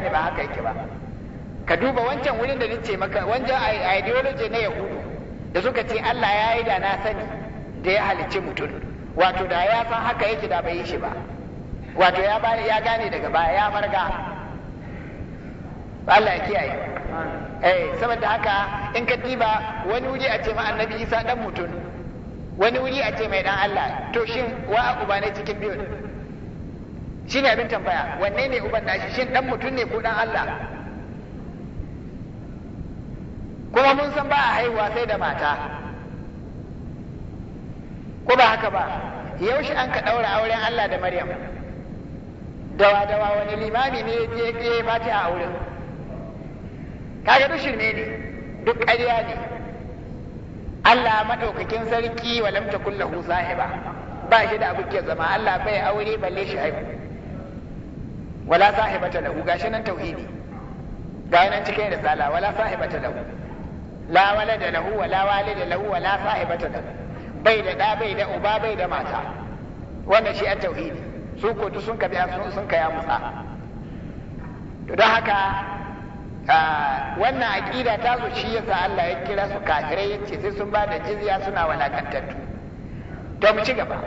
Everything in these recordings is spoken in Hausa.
ne ba haka yake ba ka duba wancan wurin da nace maka wancan ideology na yahudu da suka ce Allah ya yi da na sani da ya halicci mutum wato da ya san haka yake da bai yi shi ba wato ya ya gane daga baya ya farga Allah ya kiyaye eh saboda haka in ka diba wani wuri a ce ma annabi Isa dan mutum wani wuri a ce mai dan Allah to shin wa uba ne cikin biyu Shi ne abin tambaya wanne ne uban nashi shin dan mutum ne ko dan Allah kuma mun san ba a haihuwa sai da mata ko ba haka ba yaushe an ka daura auren Allah da Maryam dawa dawa wani limami ne ya je mata a auren kaga duk shirme ne duk ƙarya ne Allah madaukakin sarki walam takullahu sahiba ba shi da abokiyar zama Allah bai aure balle shi haihu wala sahibata lahu gashi nan tauhidi ga nan cikin risala wala sahibata lahu la walada lahu wala walida lahu wala sahibata lahu bai da da bai da uba bai da mata wannan shi a tauhidi su ko duk sun kabi sun sun kaya musa to don haka wannan aqida ta zo shi sa Allah ya kira su kafirai yace sai sun ba da jizya suna walakantattu to mu ci gaba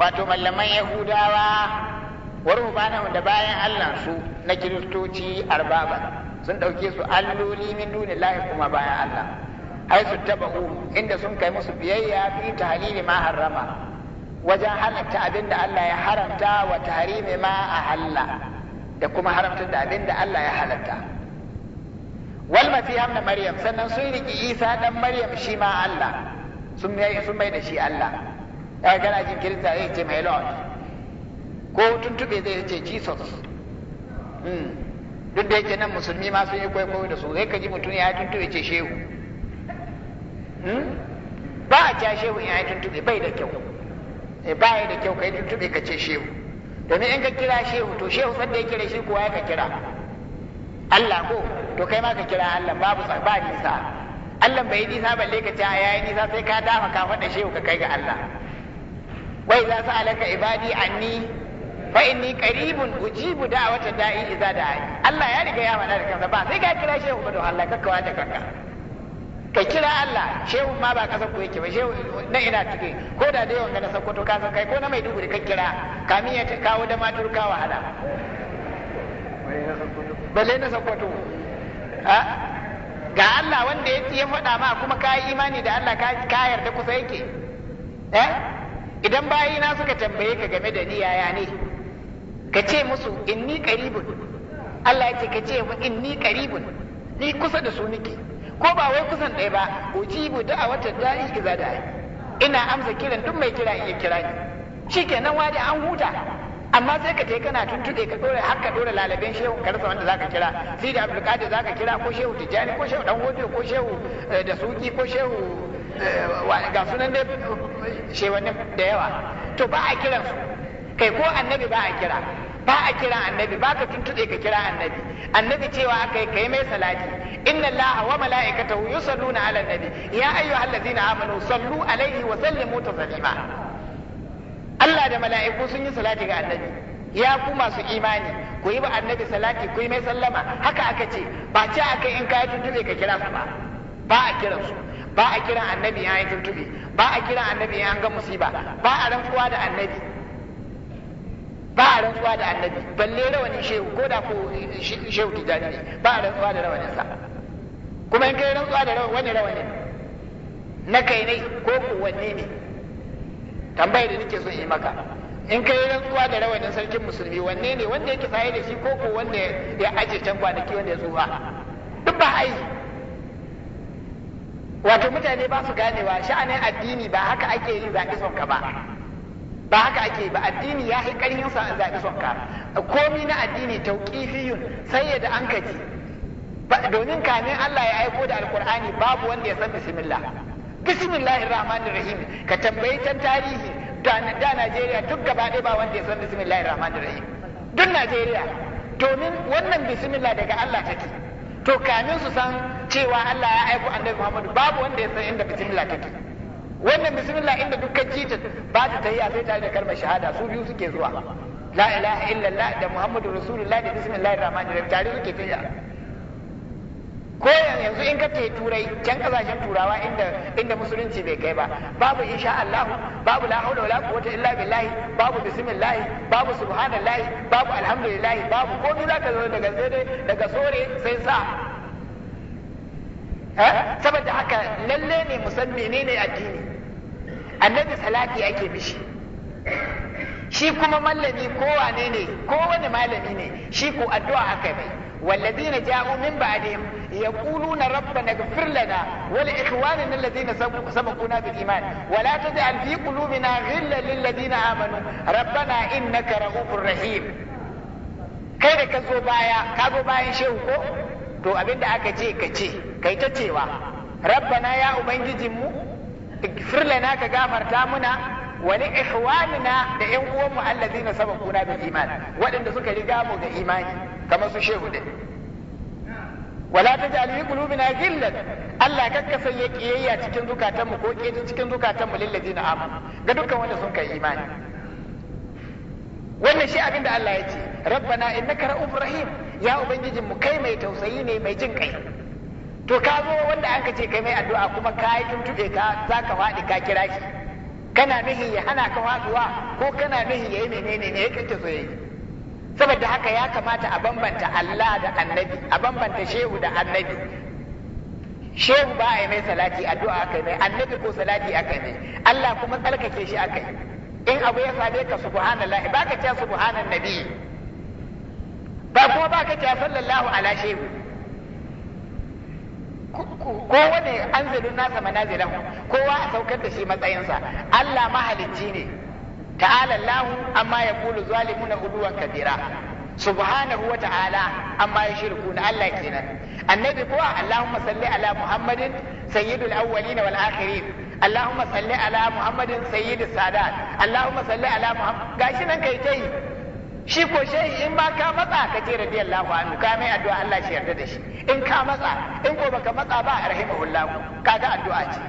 wato mallaman yahudawa wa da bayan Allah su na kiristoci arbaba sun ɗauke su alloli min duni lahi kuma bayan Allah har su taba'u inda sun kai musu biyayya fi tahlili ma harrama wajen halatta abin da Allah ya haramta wa tahrimi ma ahalla da kuma haramta da abin da Allah ya halatta wal masih na maryam sannan sun riki isa dan maryam shi ma Allah sun mai da shi Allah kana jin kirista zai ce my lord ko tuntube zai ce jesus hmm. duk da yake nan musulmi ma sun yi kwaikwayo da su zai ka ji mutum ya tuntube ce shehu hmm. ba a ca shehu ya yi tuntube bai da kyau eh, ba yi da kyau ka yi tuntube ka ce shehu domin in ka kira shehu to shehu sanda ya kira shi kuwa ya ka kira Allah ko to kai ma ka kira Allah babu ba nisa Allah bai yi nisa balle ka ce a yayi nisa sai ka dama ka faɗa shehu ka kai ga Allah wai za su alaka ibadi anni fa inni qaribun ujibu da'wata da'i idza da'i Allah ya riga ya faɗa da kansa ba sai ka kira shehu ba don Allah kakkawa da kanka ka kira Allah shehu ma ba kasan ku yake ba shehu na ina tuke ko da dai wanga na Sokoto ka san kai ko na mai dubu Maiduguri ka kira kamin ya kawo da matur ka wahala balle na Sokoto ga Allah wanda ya faɗa ma kuma ka yi imani da Allah ka yarda kusa yake eh idan bayina suka tambaye ka game da ni yaya ne ka ce musu inni qaribun Allah ya ce ka ce wa inni qaribun ni kusa da su nake ko ba wai kusan ɗaya ba ujibu da'awata da'i iza da'i ina amsa kiran duk mai kira in ya kira ni shikenan waje an huta amma sai ka je kana tuntuɗe ka dore har ka dore lalaben shehu ka rasa wanda zaka kira sai da qadir zaka kira ko shehu tijjani ko shehu dan ko shehu eh, da suki ko shehu Eh, ga sunan dai shewannin da yawa to ba a kiran su kai ko annabi ba a kira ba a kira annabi ba ka tuntuɗe ka kira annabi annabi cewa kai kai mai salati inna allaha wa mala'ikatahu yusalluna ala nabi ya ayyuhallazina amanu sallu alaihi wa sallimu taslima Allah da mala'iku sun yi salati ga annabi ya ku masu imani ku yi ba annabi salati ku yi mai sallama haka aka ce ba ce aka in ka tuntuɗe ka kira su ba ba a kiransu ba a kira annabi ya yi tuntube ba a kira annabi ya ga musiba ba a rantsuwa da annabi ba a rantsuwa da annabi balle rawani shehu ko da ko shehu tijani ne ba a rantsuwa da rawanin sa kuma in kai rantsuwa da wani rawanin na kai ne ko ko wanne ne tambayar da nake so yi maka in kai rantsuwa da rawanin sarkin musulmi wanne ne wanda yake saye da shi ko ko wanda ya aje can kwanaki wanda ya tsufa duk ba aiki wato mutane ba su ganewa sha'anin addini ba haka ake yin zaɓi sonka ba ba haka ake ba addini ya yi ƙarfin sa a zaɓi sonka komi na addini tauƙifiyun sai yadda an kaji domin kamin Allah ya aiko da Alƙur'ani babu wanda ya san bismillah bismillahir rahmanir rahim ka tambayi can tarihi da Najeriya duk gaba ɗaya ba wanda ya san bismillahir rahmanir rahim duk Najeriya domin wannan bismillah daga Allah take to kamin su san cewa Allah ya aiko annabi Muhammadu babu wanda ya san inda bismillah take wannan bismillah inda dukkan jita ba ta tahiya sai tare da kalmar shahada su biyu suke zuwa la ilaha illallah da Muhammadu rasulullah da bismillahir rahmanir rahim tare suke tafiya. ko yanzu in ka ce turai can kasashen turawa inda inda musulunci bai kai ba babu insha Allah babu la haula wala quwwata illa billah babu bismillah babu subhanallah babu alhamdulillah babu ko za ka zo daga sai daga sore sai sa saboda haka lalle ne musamman ne addini annabi salati ake mishi shi kuma mallami ko wane ne ko wani malami ne shi ko addu'a haka bai والذين جاءوا من بعدهم يقولون ربنا اغفر لنا ولإخواننا الذين سبقونا بالإيمان ولا تجعل في قلوبنا غلا للذين آمنوا ربنا إنك رؤوف رحيم kai da ka zo baya ka zo bayan shehu ko to abinda aka ce ka ce kai ta cewa rabbana ya ubangijinmu igfir Firlana ka gafarta muna wani ihwanina da yan uwanmu allazina iman waɗanda suka riga mu ga imani kamar su shehu ne. wala ta ja'al fi qulubina ghillan Allah kakkasa ya kiyayya cikin zukatan mu ko kiyayya cikin zukatan mu lil ladina amanu ga dukkan wanda sun kai imani wannan shi abin da Allah ya ce rabbana innaka kara ibrahim ya ubangijin mu kai mai tausayi ne mai jin kai to ka zo wanda an ce kai mai addu'a kuma ka yi tuntuɓe ka za ka faɗi ka kira shi kana nihi ya hana ka faɗuwa ko kana nihi ya yi menene ne ya kake saboda haka ya kamata a bambanta Allah da annabi a bambanta shehu da annabi shehu ba a yi mai salati addu'a aka yi mai annabi ko salati aka yi mai Allah kuma tsarkake shi aka yi in abu ya same ka subhanallahi ba ka ce subhanan nabi ba kuma ba ka ce sallallahu ala shehu ko wani anzilun nasa manazilahu kowa a saukar da shi matsayinsa Allah mahalicci ne ta'ala Allahu amma ya kulu zalimuna uluwan kabira subhanahu wa ta'ala amma ya na Allah kenan annabi kuwa Allahumma salli ala Muhammadin sayyidul awwalin wal akhirin Allahumma salli ala Muhammadin sayyidis sadat Allahumma salli ala Muhammad gashi nan kai tai shi ko shehi in ba ka matsa ka ce radiyallahu anhu ka mai addu'a Allah shi yarda da shi in ka matsa in ko baka matsa ba rahimahullahu kaga addu'a ce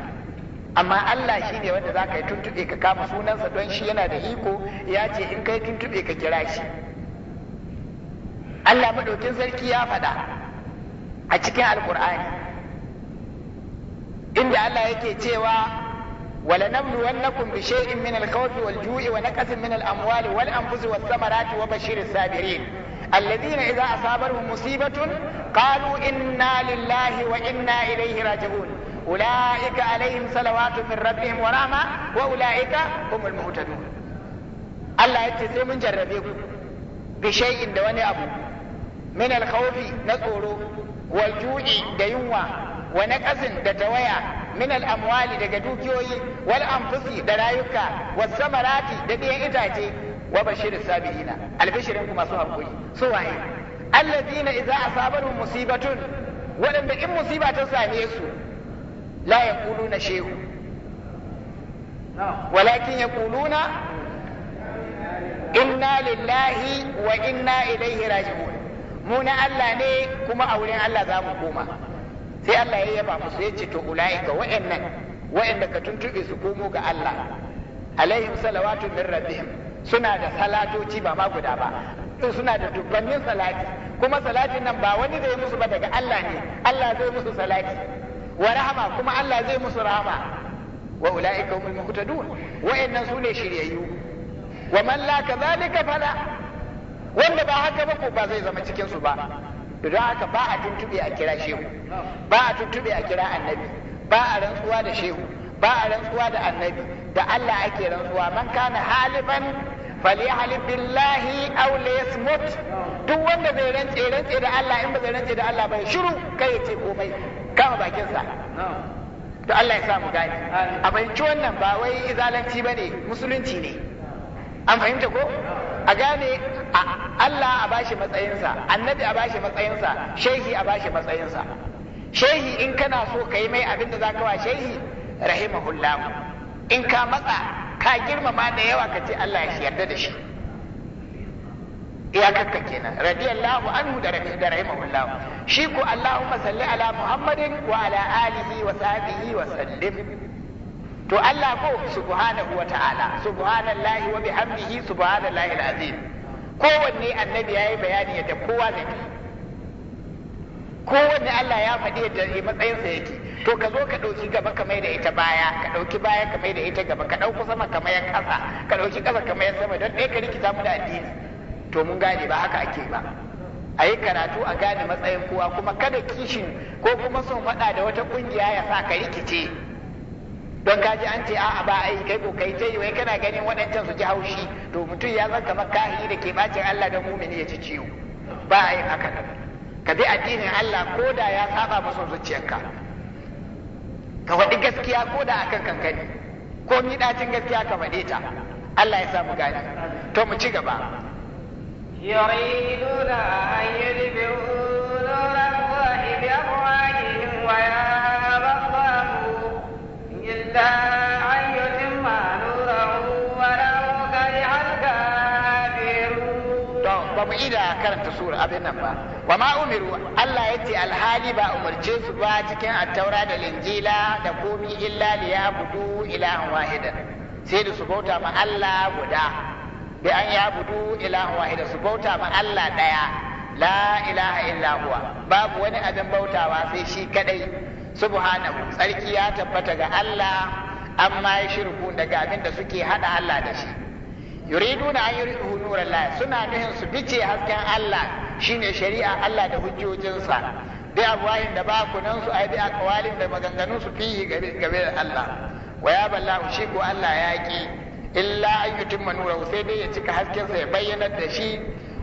amma Allah shi ne wanda za ka yi tuntuɓe ka kama sunansa don shi yana da iko ya ce in kai tuntuɓe ka kira shi Allah maɗaukin sarki ya faɗa a cikin alkur'ani inda Allah yake cewa wala namlu wannakum bi shay'in min al ju'i wa naqsin min al-amwali wal anfusi was samarati wa bashiris sabirin a sabar mu musibatun qalu inna lillahi wa idan hira raji'un أولئك عليهم صلوات من ربهم ورحمة وأولئك هم المهتدون Allah ya ce sai mun jarrabe ku bi shay'in da wani abu min al na tsoro wa ju'i da yunwa wa naqasin da tawaya min al-amwali daga dukiyoyi wal anfusi da rayuka was samarati da biyan itace wa bashir sabirina albishirin su waye musibatun waɗanda in musiba ta same su la yaquluna shehu walakin yaquluna inna lillahi wa inna ilaihi raji'un mu na Allah ne kuma a wurin Allah za mu koma sai Allah ya yaba musu ya cito to ulaika wa'annan wa'anda ka tuntube su komo ga Allah alaihim salawatu min rabbihim suna da salatoci ba ma guda ba suna da dubbannin salati kuma salatin nan ba wani zai musu ba daga Allah ne Allah zai musu salati wa rahama kuma Allah zai musu rahama wa ulaika humul muhtadun su sune shiryayyu wa man la kadhalika fala wanda ba haka ba ko ba zai zama cikin su ba don haka ba a tuntube a kira shehu ba a tuntube a kira annabi ba a rantsuwa da shehu ba a rantsuwa da annabi da Allah ake rantsuwa man kana haliban falyahlib billahi aw liyasmut duk wanda bai rantse rantse da Allah in ba zai rantse da Allah ba shiru kai ce komai kama bakinsa to Allah ya sa mu gane a fahimci wannan ba wai izalanci ba ne musulunci ne an fahimta ko a gane Allah a bashi matsayinsa annabi a bashi matsayinsa shehi a bashi matsayinsa shehi in kana so ka yi mai abin da za ka wa shehi rahimahullahu in ka matsa ka girmama da yawa ka ce Allah ya yarda da shi kakka kenan radiyallahu anhu da rahimahullah shi ko Allahumma salli ala Muhammadin wa ala alihi wa sahbihi wa sallim to Allah ko subhanahu wa ta'ala subhanallahi wa bihamdihi subhanallahi alazim kowanne annabi yayi bayani yadda kowa zai kowanne Allah ya faɗi yadda matsayinsa yake to ka zo ka ɗauki gaba ka mai da ita baya ka ɗauki baya ka mai da ita gaba ka ɗauki sama ka ƙasa ka ɗauki ƙasa ka sama don ɗaya ka rikita mu da addini to mun gane ba haka ake ba a yi karatu a gane matsayin kowa kuma kada kishin ko kuma son faɗa da wata ƙungiya ya sa ka rikice don ka ji an ce a'a ba ai kai kai ta yi wai kana ganin waɗancan su ji haushi to mutum ya zan kamar kahiri da ke bacin Allah don mumini ya ci ciwo ba a yin haka ka bi addinin Allah ko da ya saba masa zuciyarka ka faɗi gaskiya ko da akan kankani ko ni ɗacin gaskiya ka faɗe ta Allah ya samu gani to mu ci gaba يريدون أن يدبروا نور الله بأفواههم ويأبى الله إلا أن يتم نوره ولو كره الكافرون. طب إذا كانت سورة أبي النبأ wa ma umiru Allah ya ce alhali ba umarce su ba cikin attaura da linjila da komi illa liya budu ilahan wahidan sai da su bauta ma Allah guda bi an budu ilahan wahida su bauta ma Allah daya la ilaha illa huwa babu wani abin bautawa sai shi kadai subhanahu tsarki ya tabbata ga Allah amma ya shirku daga abin da suke hada Allah da shi yuriduna an yuridu nurallah suna nuhin su bice hasken Allah shine shari'a Allah da hujjojinsa bi abwahin da nan su ai bi aqwalin da maganganun su fihi gabe da Allah wa ya ballahu shi ko Allah yaƙi? illa an tun nurahu sai dai ya cika hasken sa ya bayyanar da shi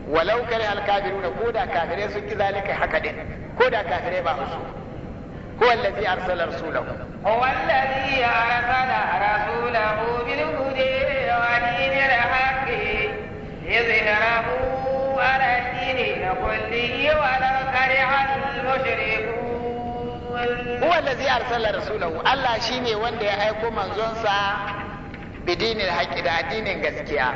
walau kare alkafiru ko da kafirai sun ki zalika haka din ko da kafirai ba su هو الذي أرسل رسوله هو الذي أرسل رسوله بالهدى ودين الحق ليظهره على الدين كله ولو كره المشركون هو الذي أرسل رسوله الله شيني وندي أيكم bidinin da addinin gaskiya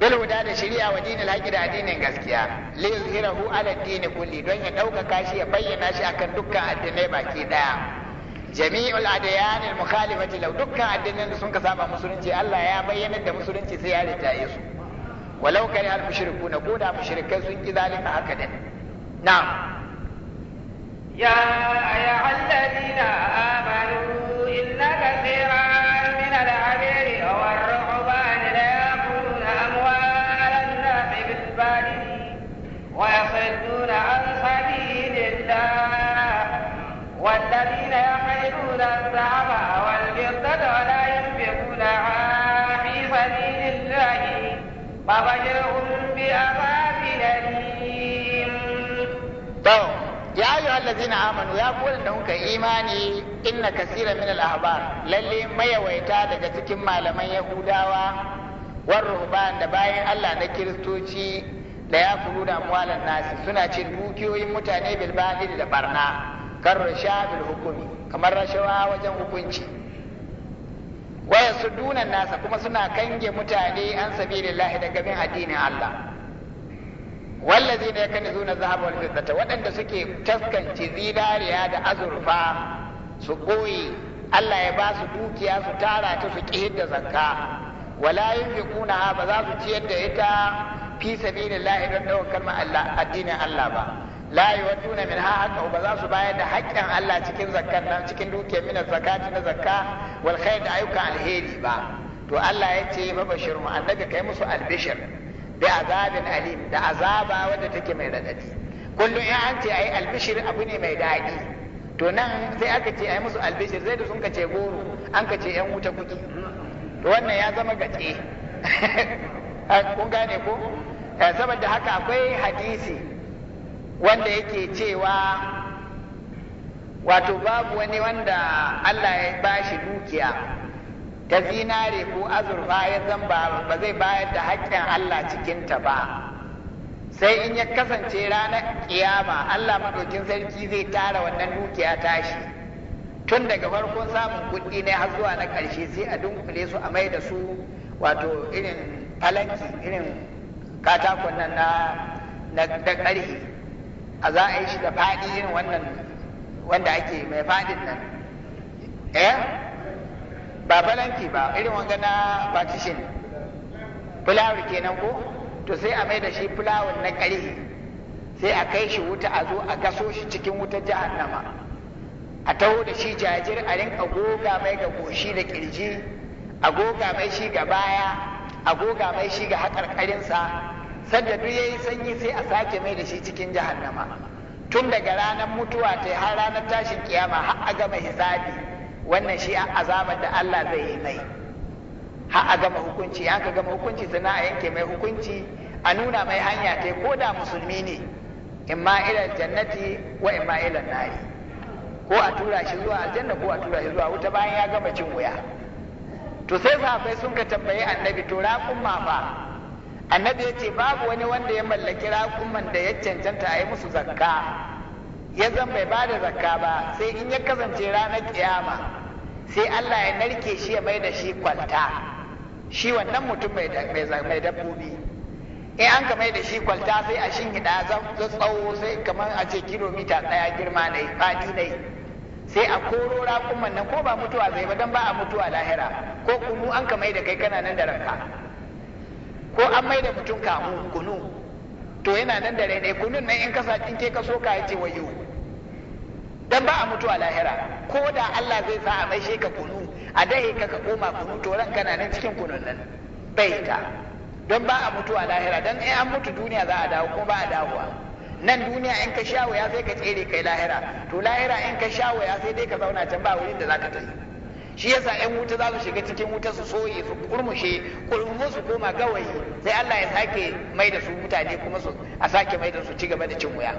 bil huda da shari'a wa dinil haƙi da addinin gaskiya li Hirahu ala dini kulli don ya ɗaukaka shi ya bayyana shi akan dukkan addinai baki ɗaya jami'ul adayan al mukhalifati law dukkan addinan da sun ka saba musulunci Allah ya bayyana da musulunci sai ya ritaye su walau kare al mushrikuna ko da mushrikai sun ki zalika haka din na'am ya ayyuhal ladina النساء والذين يحملون الذهب والفضة ولا ينفقونها في سبيل الله فبشرهم بعذاب أليم يا أيها الذين آمنوا يا قول أنهم إيماني إن كثيرا من الأحبار للي ما يويتا daga cikin malaman Yahudawa war ruhban da bayan Allah na kiristoci da ya kulu da amwalan nasi suna cin dukiyoyin mutane bil da barna kan rasha bil hukumi kamar rashawa wajen hukunci waya su dunan nasa kuma suna kange mutane an sabilillahi daga bin addinin Allah wallazi ne kan zuna zahab wal fiddata waɗanda suke taskance zinariya da azurfa su ɓoye Allah ya ba su dukiya su tara ta su ƙi da zakka wala yunfiquna ba za su ciyar da ita fi idan don daukar kalmar Allah addinin Allah ba la yuwaduna min haka ba za su bayar da haƙƙin Allah cikin zakkar nan cikin dukiyar min zakati na zakka wal khair da ayyukan alheri ba to Allah ya ce ba bashir mu annaka kai musu albishir bi azabin alim da azaba wadda take mai radadi kullum in an ce ai albishir abu ne mai daɗi to nan sai aka ce ai musu albishir zai da sun ka ce goro an ka ce yan wuta kuki to wannan ya zama gatse kun gane ko Eh, saboda haka akwai hadisi wanda yake cewa wato babu wani wanda Allah ya bashi dukiya ta zinare ko azurfa ya zan ba zai bayar da haƙƙin Allah cikinta ba sai in ya kasance ranar kiyama Allah maɗaukin sarki zai tara wannan dukiya tashi tun daga farkon samun kuɗi ne har zuwa na ƙarshe sai a dunkule su a mai da su wato irin falanki irin katakon nan na da ƙarfi a za a yi shi da faɗi irin wannan wanda ake mai faɗin nan eh ba balanki ba irin wanga na partition fulawar kenan ko to sai a mai da shi fulawar na ƙarfi sai a kai shi wuta a zo a gaso shi cikin wutar jahannama a taho da shi jajir a rinka goga mai ga goshi da kirji a goga mai shi ga baya a goga mai shi ga haƙarƙarinsa sadda duk yi sanyi sai a sake mai da shi cikin jahannama tun daga ranar mutuwa ta har ranar tashin kiyama har a gama hisabi wannan shi azabar da Allah zai yi mai har a gama hukunci an ka gama hukunci sana a yanke mai hukunci a nuna mai hanya ta ko da musulmi ne ma ila jannati wa ma ila nari ko a tura shi zuwa aljanna ko a tura shi zuwa wuta bayan ya gama cin wuya to sai sahabbai sun ka tambayi annabi to raƙun ma annabi ya ce babu wani wanda ya mallaki raƙuman da ya cancanta a yi musu zakka ya zan bai ba da zakka ba sai in ya kasance ranar kiyama sai Allah ya narke shi ya mai da shi kwalta shi wannan mutum mai dabbobi in an ka mai da shi kwalta sai a shingiɗa za tsawo sai kamar a ce kilomita ɗaya girma ne fadi ne sai a koro raƙuman nan ko ba mutuwa zai ba don ba a mutuwa lahira ko kunu an ka mai da kai kana nan da ranka ko an mai da mutum kamu kunu to yana nan da rai kunun nan in kasa in ke kaso ka yace wayo dan ba a mutu a lahira ko da Allah zai sa a maishe ka kunu a dahe ka ka koma kunu to ran kana nan cikin kunun nan bai ta don ba a mutu a lahira dan in an mutu duniya za a dawo ko ba a dawowa nan duniya in ka sha ya sai ka tsere kai lahira to lahira in ka sha ya sai dai ka zauna can ba wurin da zaka tafi shi yasa yan wuta za su shiga cikin wuta su soye su kurmushe kurmushe su koma gawayi sai Allah ya sake mai da su mutane kuma su a sake mai da su ci gaba da cin wuya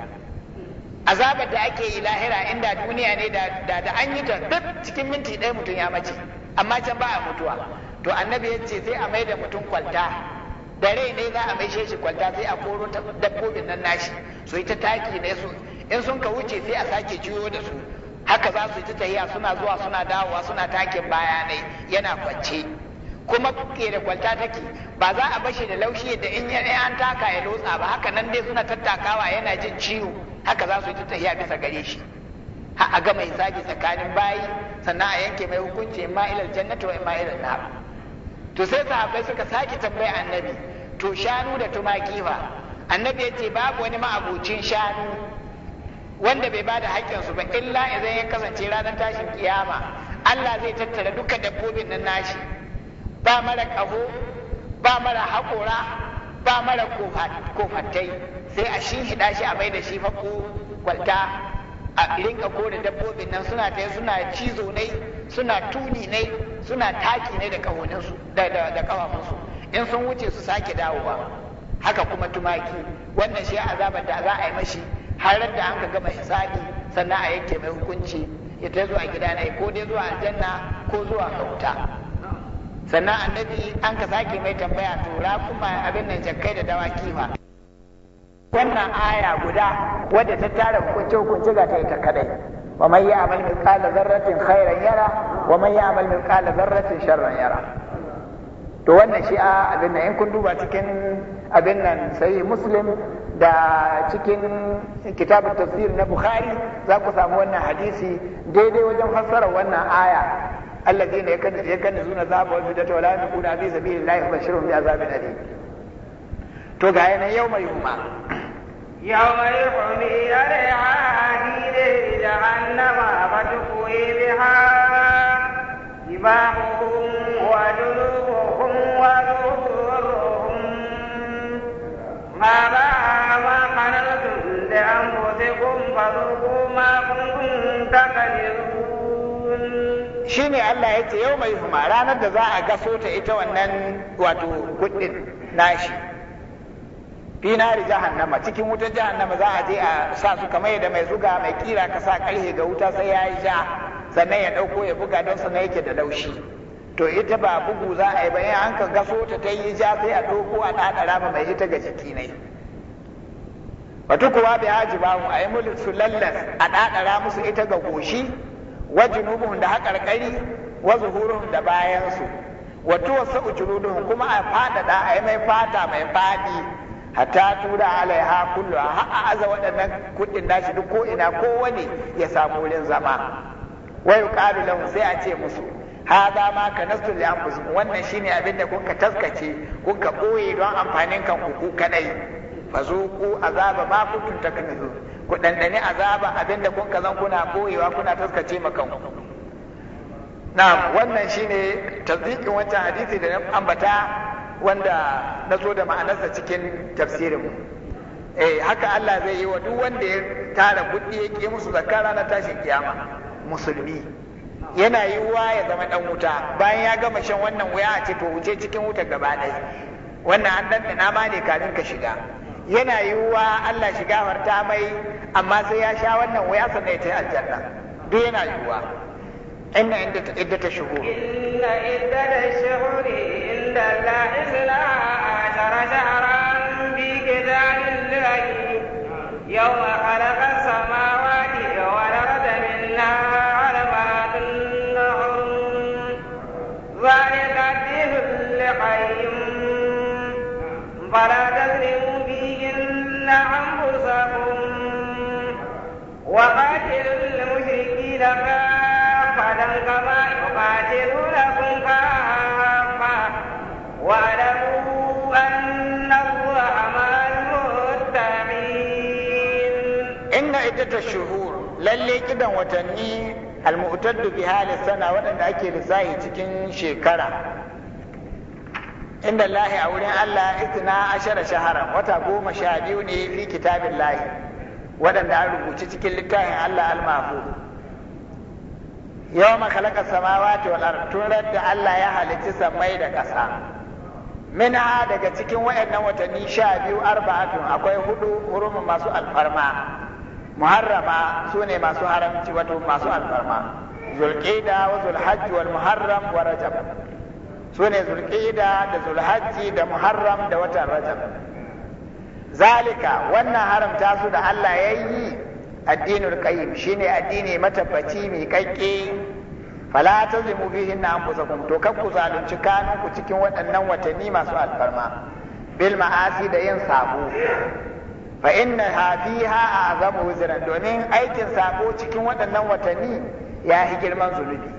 azabar da ake yi lahira inda duniya ne da da an yi ta duk cikin minti ɗaya mutum ya mace amma can ba a mutuwa to annabi ya ce sai a mai da mutum kwalta da rai ne za a mai shi kwalta sai a koro dabbobin nan nashi su yi ta taki ne su in sun ka wuce sai a sake ciwo da su haka za su yi ta tahiya suna zuwa suna dawowa suna takin bayanai yana kwance kuma da kwalta take ba za a bashi da laushi da in yana an taka ya lotsa ba haka nan dai suna tattakawa yana jin ciwo haka za su yi ta tahiya bisa gare shi ha a gama hisabi tsakanin bayi sannan a yanke mai hukunci ma ilal jannatu wa ma ilal nar to sai sahabbai suka sake tambaya annabi to shanu da tumaki fa annabi ya ce babu wani ma'abucin shanu wanda bai bada haƙƙinsu ba illa idan ya kasance ranar tashin kiyama Allah zai tattara duka dabbobin nan nashi ba mara ƙaho ba mara haƙora ba mara kofatai sai a shi hida shi a mai da shi faƙo kwalta a rinka kore dabbobin nan suna ta suna cizo ne suna tuni ne suna taki ne da ƙahoninsu da in sun wuce su sake dawowa haka kuma tumaki wannan shi azabar da za a yi mashi har da an ka gama hisabi sannan a yanke mai hukunci ya ta zuwa gida na ko dai zuwa aljanna ko zuwa kauta sannan annabi an ka sake mai tambaya ra kuma abin nan jakkai da dawaki ma wannan aya guda wadda ta tara hukunce hukunce ga ta ita kadai wa man ya'mal mithqala dharratin khairan yara wa man ya'mal mithqala dharratin sharran yara to wannan shi a abin nan in kun duba cikin abin nan sai muslim da cikin kitabun tafsir na bukhari za ku samu wannan hadisi daidai wajen fassarar wannan aya Allah ne ya kanta ya kanta suna zaɓa wani da tawala da kuna bai sabi da layin ban shirin ya zaɓi da ne. To ga yanayi yau mai Yau mai kwami ya da ya hahani ne da annama ba ta koyi bi ha ibahun wa dunubun wa dunubun. ماذا لأنفسكم فذوقوا ما كنتم تكذبون shi ne Allah ya ce yau mai huma ranar da za a gaso ta ita wannan wato gudin nashi finari jahannama cikin wutar jahannama za a je a sa su kamar yadda mai zuga mai kira ka sa karhe ga wuta sai ya yi ja sannan ya ɗauko ya buga don sannan yake da laushi to ita ba bugu za a yi ba in an gaso ta ta yi ja sai a ɗauko a ɗaɗara ma mai ita ga jiki ne wata kuwa bai haji ba a yi mulki su lallas a ɗaɗara musu ita ga goshi wa junubun da haƙarƙari wa zuhurun da bayansu wato wasu ujuruduhun kuma a faɗaɗa a yi mai fata mai faɗi hatta tura alaiha kullu a aza waɗannan kuɗin nashi duk ko ina kowane ya samu wurin zama wai ƙabilan sai a ce musu haza ma ka nasu li anfusikum wannan shine abinda da kuka taskace kuka ɓoye don amfanin kan ku kadai fazuku azaba ma kuntum taknizun ku dandane azaba abin da kun zan kuna boyewa kuna taskace ma kanku na'am wannan shine tasdiqin wancan hadisi da na ambata wanda na zo da ma'anarsa cikin tafsirin mu eh haka Allah zai yi wa duk wanda ya tara kuɗi ya ke musu zakara na tashin kiyama musulmi yana wa ya zama dan wuta bayan ya gama shan wannan wuya a ce to wuce cikin wuta gaba ɗaya wannan an dandana ma ne kafin ka shiga yana wa Allah shiga farta mai amma sai ya sha wannan wuya sannan ya tafi aljanna duk yana yiwuwa ta عدة inna idda ta عدة الشهور la illa ajara عشر bi في كتاب yawma khalaqa السماوات خير فلا تظلموا فيهن أنفسكم وقاتلوا المشركين كافة كما يقاتلونكم كافة واعلموا أن الله مع المتقين إن عدة الشهور للي كده وتني المؤتد بها للسنة وأن أكل زي تكن شكرا inda lahi a wurin Allah a ashara shahara wata goma sha biyu ne fi kitabin lahi waɗanda an rubuci cikin littafin Allah almafu yau makalaka sama, wal ard tun da Allah ya halicci samai da ƙasa minha daga cikin waɗannan watanni sha biyu arba'atun akwai hudu hurumin masu alfarma muharrama su ne masu haramci wato masu alfarma Zulƙida wa zulhajj muharram wa rajab su ne zulƙida da zulhajji da muharram da watan rajab zalika wannan haramta su da allah ya yi addinul qayyim shine addini matabbaci mai kakke fala ta tazimu fihin na anfusakum to kan ku zalunci kanun cikin waɗannan watanni masu alfarma bil ma'asi da yin sabo fa inna hafiha a wizran domin aikin sabo cikin waɗannan watanni ya yi girman zunubi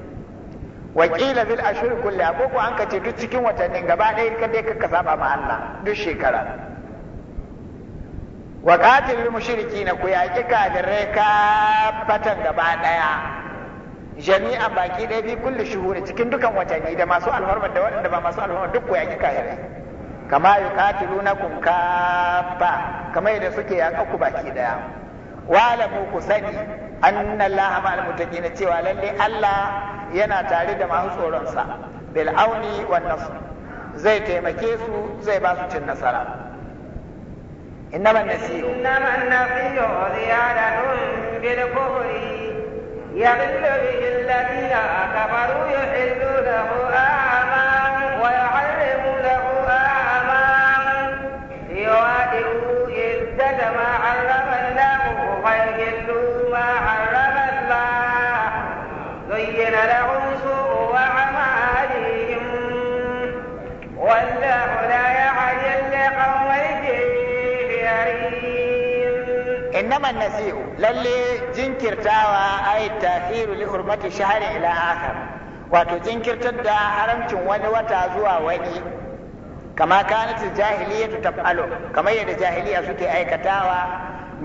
wakila bil ashur kulli ko an kace duk cikin watannin gaba ɗaya ka dai ka saba ma Allah duk shekara wa qatil mushrikina ku yaqi kafirai ka fatan gaba ɗaya jami'a baki ɗaya bi kulli shuhuri cikin dukan watanni da masu alfarma da waɗanda ba masu alfarma duk ku yaqi kafirai kama yuqatilunakum kaffa kama yadda suke yaƙa ku baki ɗaya wa'lamu ku sani anna Allah ma al cewa lalle Allah yana tare da masu tsoron sa bil auni wan nasr zai taimake su zai ba su cin nasara innama nasiru innama nasiru ziyaratun bil kufri yadullu da alladhina حجة ما حرم الله فيحلوا ما حرم الله زين لهم سوء أعمالهم والله لا يهدي القوم الجبارين إنما النسيء للي جنكر تاوى أي التأخير لحرمة شهر إلى آخر wato jinkirtar da haramcin wani wata zuwa wani kama kanat jahiliyatu taf'alu kamar yadda jahiliya suke aikatawa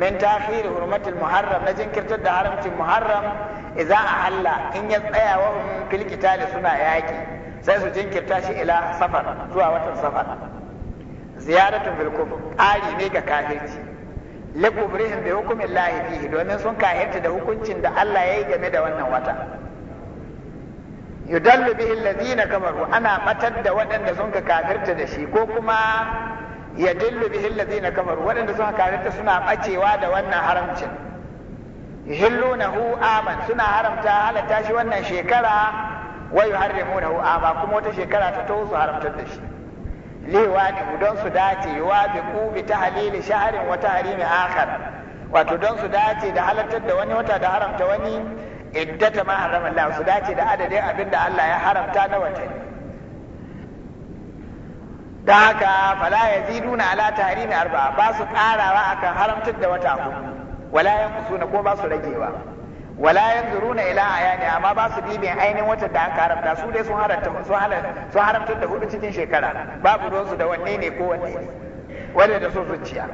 min ta'khir hurmatin muharram na jinkirtar da haramcin muharram a ahalla in ya tsayawa wa fil suna yaki sai su jinkirta shi ila safar zuwa watan safar ziyaratun fil ƙari ne ga kafirci likubrihim bi hukmin lahi fihi domin sun kafirta da hukuncin da Allah yayi game da wannan wata yudallu bihi allazina kafaru ana batar da waɗanda sun ka da shi ko kuma ya dillu bihi allazina kafaru waɗanda sun kafirta suna bacewa da wannan haramcin yuhillunahu aman suna haramta halatta wannan shekara wa yuharrimunahu ama kuma wata shekara ta to su haramtar da shi liwani don su dace yuwa akhar wato don su dace da halattar wani wata da haramta wani iddata ma harama Allah su dace da adadin abin da Allah ya haramta na watanni da haka fala ya ziduna ala tahrimi arba'a ba su karawa akan haramtar da wata hudu wala na ko ba su ragewa wala yanzuruna ila ayani amma ba su bibi ainihin wata da aka haramta su dai sun haramta haramta da hudu cikin shekara babu ruwansu su da wanne ne ko wanne ne wanda da so zuciya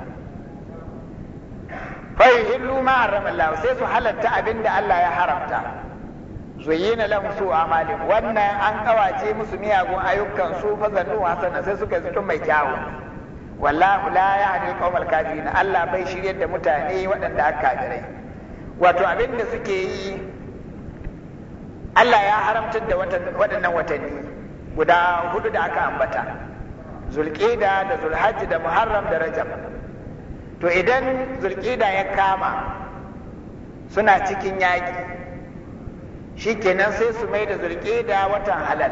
bai hillu ma haramallahu sai su halatta abinda Allah ya haramta zayyana lahum su amali wannan an kawace musu miyagun ayyukan su fa zannu hasana sai suka zikin mai kyawu wallahu la yahdi al kafirin Allah bai shirye da mutane waɗanda aka kafirai wato abinda suke yi Allah ya haramtar da waɗannan watanni guda hudu da aka ambata zulqida da zulhajj da muharram da rajab to idan zurƙida ya kama suna cikin yaƙi shi kenan sai su mai da watan halal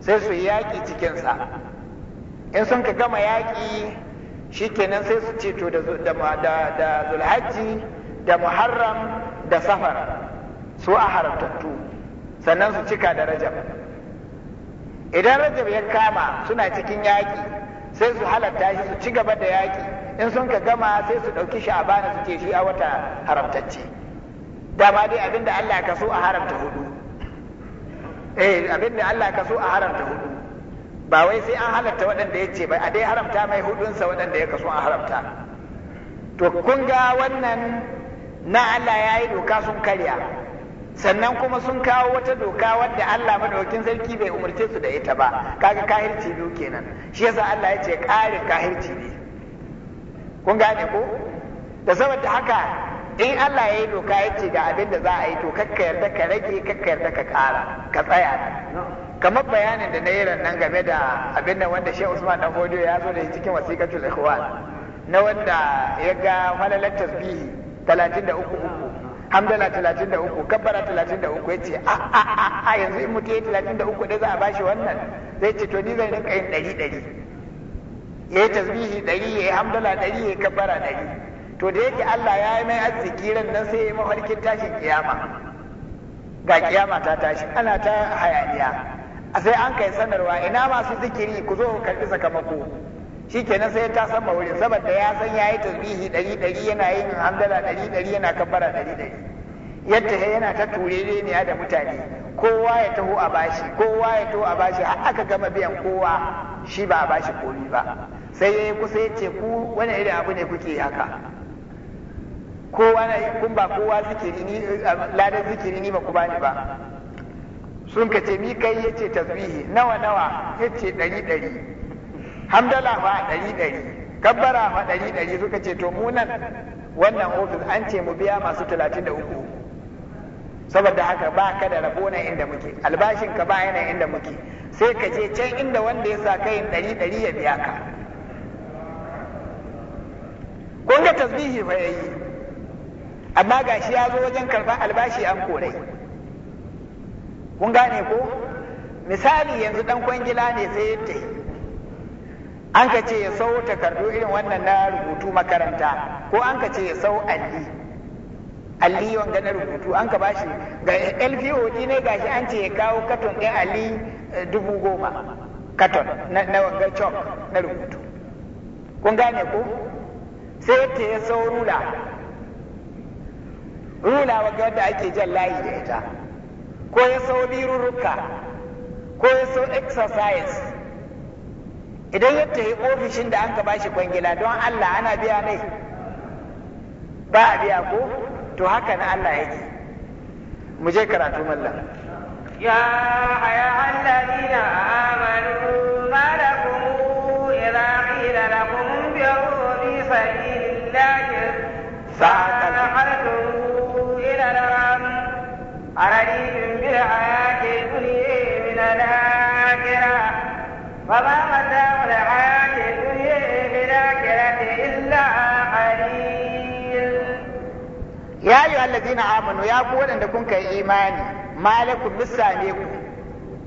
sai su yi yaƙi cikinsa in sun ka gama yaƙi shi kenan sai su ce to da zulhajji da muharram da safar su a haramtattu sannan su cika da rajab idan rajab ya kama suna cikin yaƙi sai su halatta shi su ci gaba da yaƙi in sun ka gama sai su ɗauki sha'abana su ce shi a wata haramtacce dama dai abinda Allah ka so a haramta hudu eh abinda Allah ka so a haramta hudu ba wai sai an halarta waɗanda ya ce ba a dai haramta mai hudunsa waɗanda ya kaso a haramta to kun ga wannan na Allah ya yi doka sun karya sannan kuma sun kawo wata doka wadda Allah madaukin sarki bai umarce su da ita ba kaga kahirci biyu kenan shi yasa Allah ya ce ƙarin kahirci ne kun gane ko da saboda haka in Allah ya yi doka ya ce ga abin da za a yi to kakka yarda ka rage kakka yarda ka kara ka tsaya kamar bayanin da na yi nan game da abin da wanda Sheikh Usman dan Bodo ya zo da shi cikin wasiqatul ikhwan na wanda ya ga falalat tasbihi 33 hamdala 33 kabbara 33 ya ce a a a yanzu in mutu ya 33 da za a bashi wannan zai ce to ni zan rinka yin 100 100 ya yi tasbihi ɗari ya yi hamdala ɗari ya yi kabbara ɗari to da yake Allah ya yi mai arziki ran nan sai ya yi mafarkin tashin kiyama ga kiyama ta tashi ana ta hayaniya a sai an kai sanarwa ina masu zikiri ku zo ku karɓi sakamako kenan sai ta san maurin saboda ya san ya yi tasbihi ɗari ɗari yana yin hamdala ɗari ɗari yana kabbara ɗari ɗari yadda yana ta turere ne da mutane kowa ya taho a bashi kowa ya taho a bashi har aka gama biyan kowa shi ba a bashi komi ba sai ya yi kusa ya ce ku wani irin abu ne kuke haka kowa na kun ba kowa zikiri ni ladan zikiri ni ba ku bani ba sun ka ce mi kai ya ce tasbihi nawa nawa ya ce ɗari ɗari hamdala ba ɗari ɗari kabbara ba ɗari ɗari suka ce to munan. wannan ofis an ce mu biya masu talatin da uku saboda haka ba ka da rabo na inda muke albashin ka ba yana inda muke sai ka je can inda wanda ya sa kai ɗari ɗari ya biya ka kun ga tasbihi fa yayi amma gashi ya zo wajen karban albashi an korai kun gane ko misali yanzu dan kwangila ne sai ya an ka ce ya sau takardu irin wannan na rubutu makaranta ko an ka ce ya sau alli alli wanga na rubutu an ka bashi ga lpod ne gashi an ce ya kawo katon ɗin alli eh, dubu goma katon na wangar chalk na rubutu kun gane ko sai ta ya sau rula rula wa wadda ake jan layi da ita ko ya sau birurruka ko ya sau exercise idan ya tafi ofishin da an ka bashi kwangila don Allah ana biya ne? ba a biya ko to haka na Allah yake mu je karatu mallam ya ayyuhal ladina amanu ma lakum idza qila lakum bi sabili lakin sa’adar harkar ruhu ran a rarrikin bil a yake duniye min alakira ba ba mata wani a yake duniye min alakira ta illa halil ya yi wallazi na amonu ya fi waɗanda kun kai imani malakun misali ku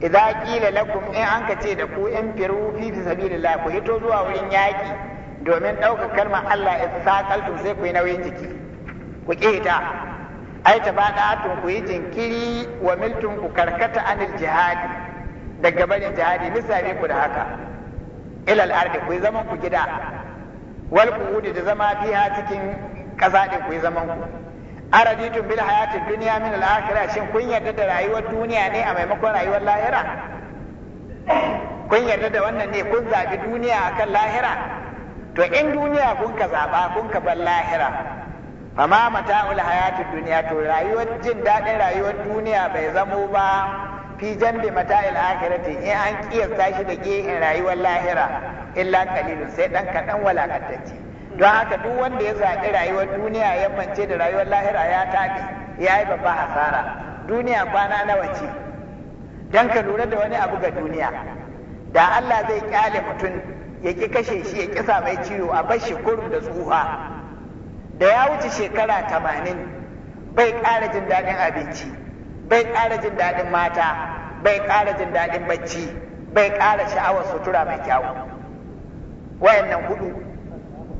إذا قيل لكم إن أنك تيدكو إن فيرو في سبيل الله فهي توزوا ورين ياكي domin ɗaukar kalmar Allah isaƙaltum sai ku yi nauyin jiki ku ƙeta ai ta atun ku yi jinkiri wa miltun ku karkata anil jihadi daga barin jihadi misali ku da haka ilal ardi ku yi zaman ku gida wal hudu da zama biya cikin ƙasa ɗin ku yi zaman ku araditun bil hayatin duniya min al akhirah shin kun yarda da rayuwar duniya ne a maimakon rayuwar lahira kun yarda da wannan ne kun zaɓi duniya akan lahira to in duniya kun ka zaɓa kun ka bar lahira amma mata'ul hayatid duniya to rayuwar jin daɗin rayuwar duniya bai zamo ba fi jambi mata'il akhirati in an kiyasta shi da in rayuwar lahira illa qalilun sai ɗan kaɗan walakantacce don haka duk wanda ya zaɓi rayuwar duniya ya mance da rayuwar lahira ya taɓe ya yi babba hasara duniya kwana nawa ce don ka lura da wani abu ga duniya da Allah zai kyale mutum ya ki kashe shi ya kisa mai ciwo a bar shi kurum da tsuha da ya wuce shekara tamanin bai ƙara jin daɗin abinci bai ƙara jin daɗin mata bai ƙara jin daɗin bacci bai ƙara sha'awar sutura mai kyawu wayannan hudu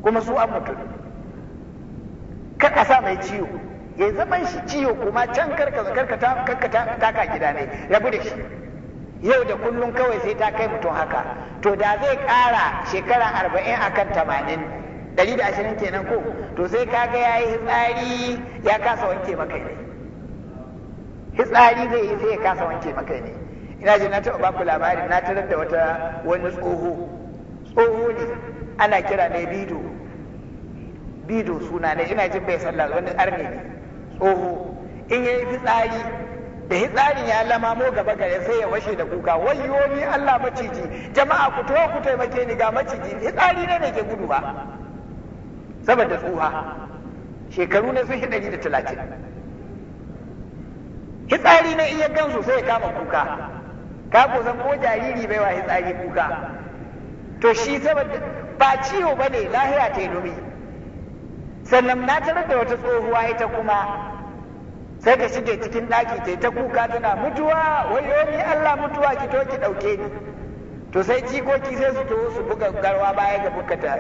kuma su an mutu ka a sa mai ciwo ya zaman shi ciwo kuma can karkata ka taka gida ne rabu da shi yau da kullum kawai sai ta kai mutum haka to da zai ƙara shekarar arba'in akan tamanin ɗari da ashirin kenan ko to sai kaga ya yi hitsari ya kasa wanke maka ne hitsari zai yi sai ya kasa wanke maka ne ina ji na taɓa baku labarin na tarar da wata wani tsoho tsoho ne ana kira ne bido bido suna ne ina jin bai sallah wani arne ne tsoho in ya yi fitsari da hitsarin ya lama mo gaba gare sai ya washe da kuka wayyo ni Allah maciji jama'a ku to ku taimake ni ga maciji hitsari ne ne ke gudu ba saboda tsuha shekaru ne sun shi ɗari da talatin hitsari ne iya gansu sai ya kama kuka ka ko san ko jariri bai wa hitsari kuka to shi saboda ba ciwo bane lahiya ta yi sannan na tarar da wata tsohuwa ita kuma sai ka shige cikin ɗaki ta ta kuka tana mutuwa wai ni Allah mutuwa ki to ki ɗauke ni to sai jikoki sai su to su buga garwa baya ga bukata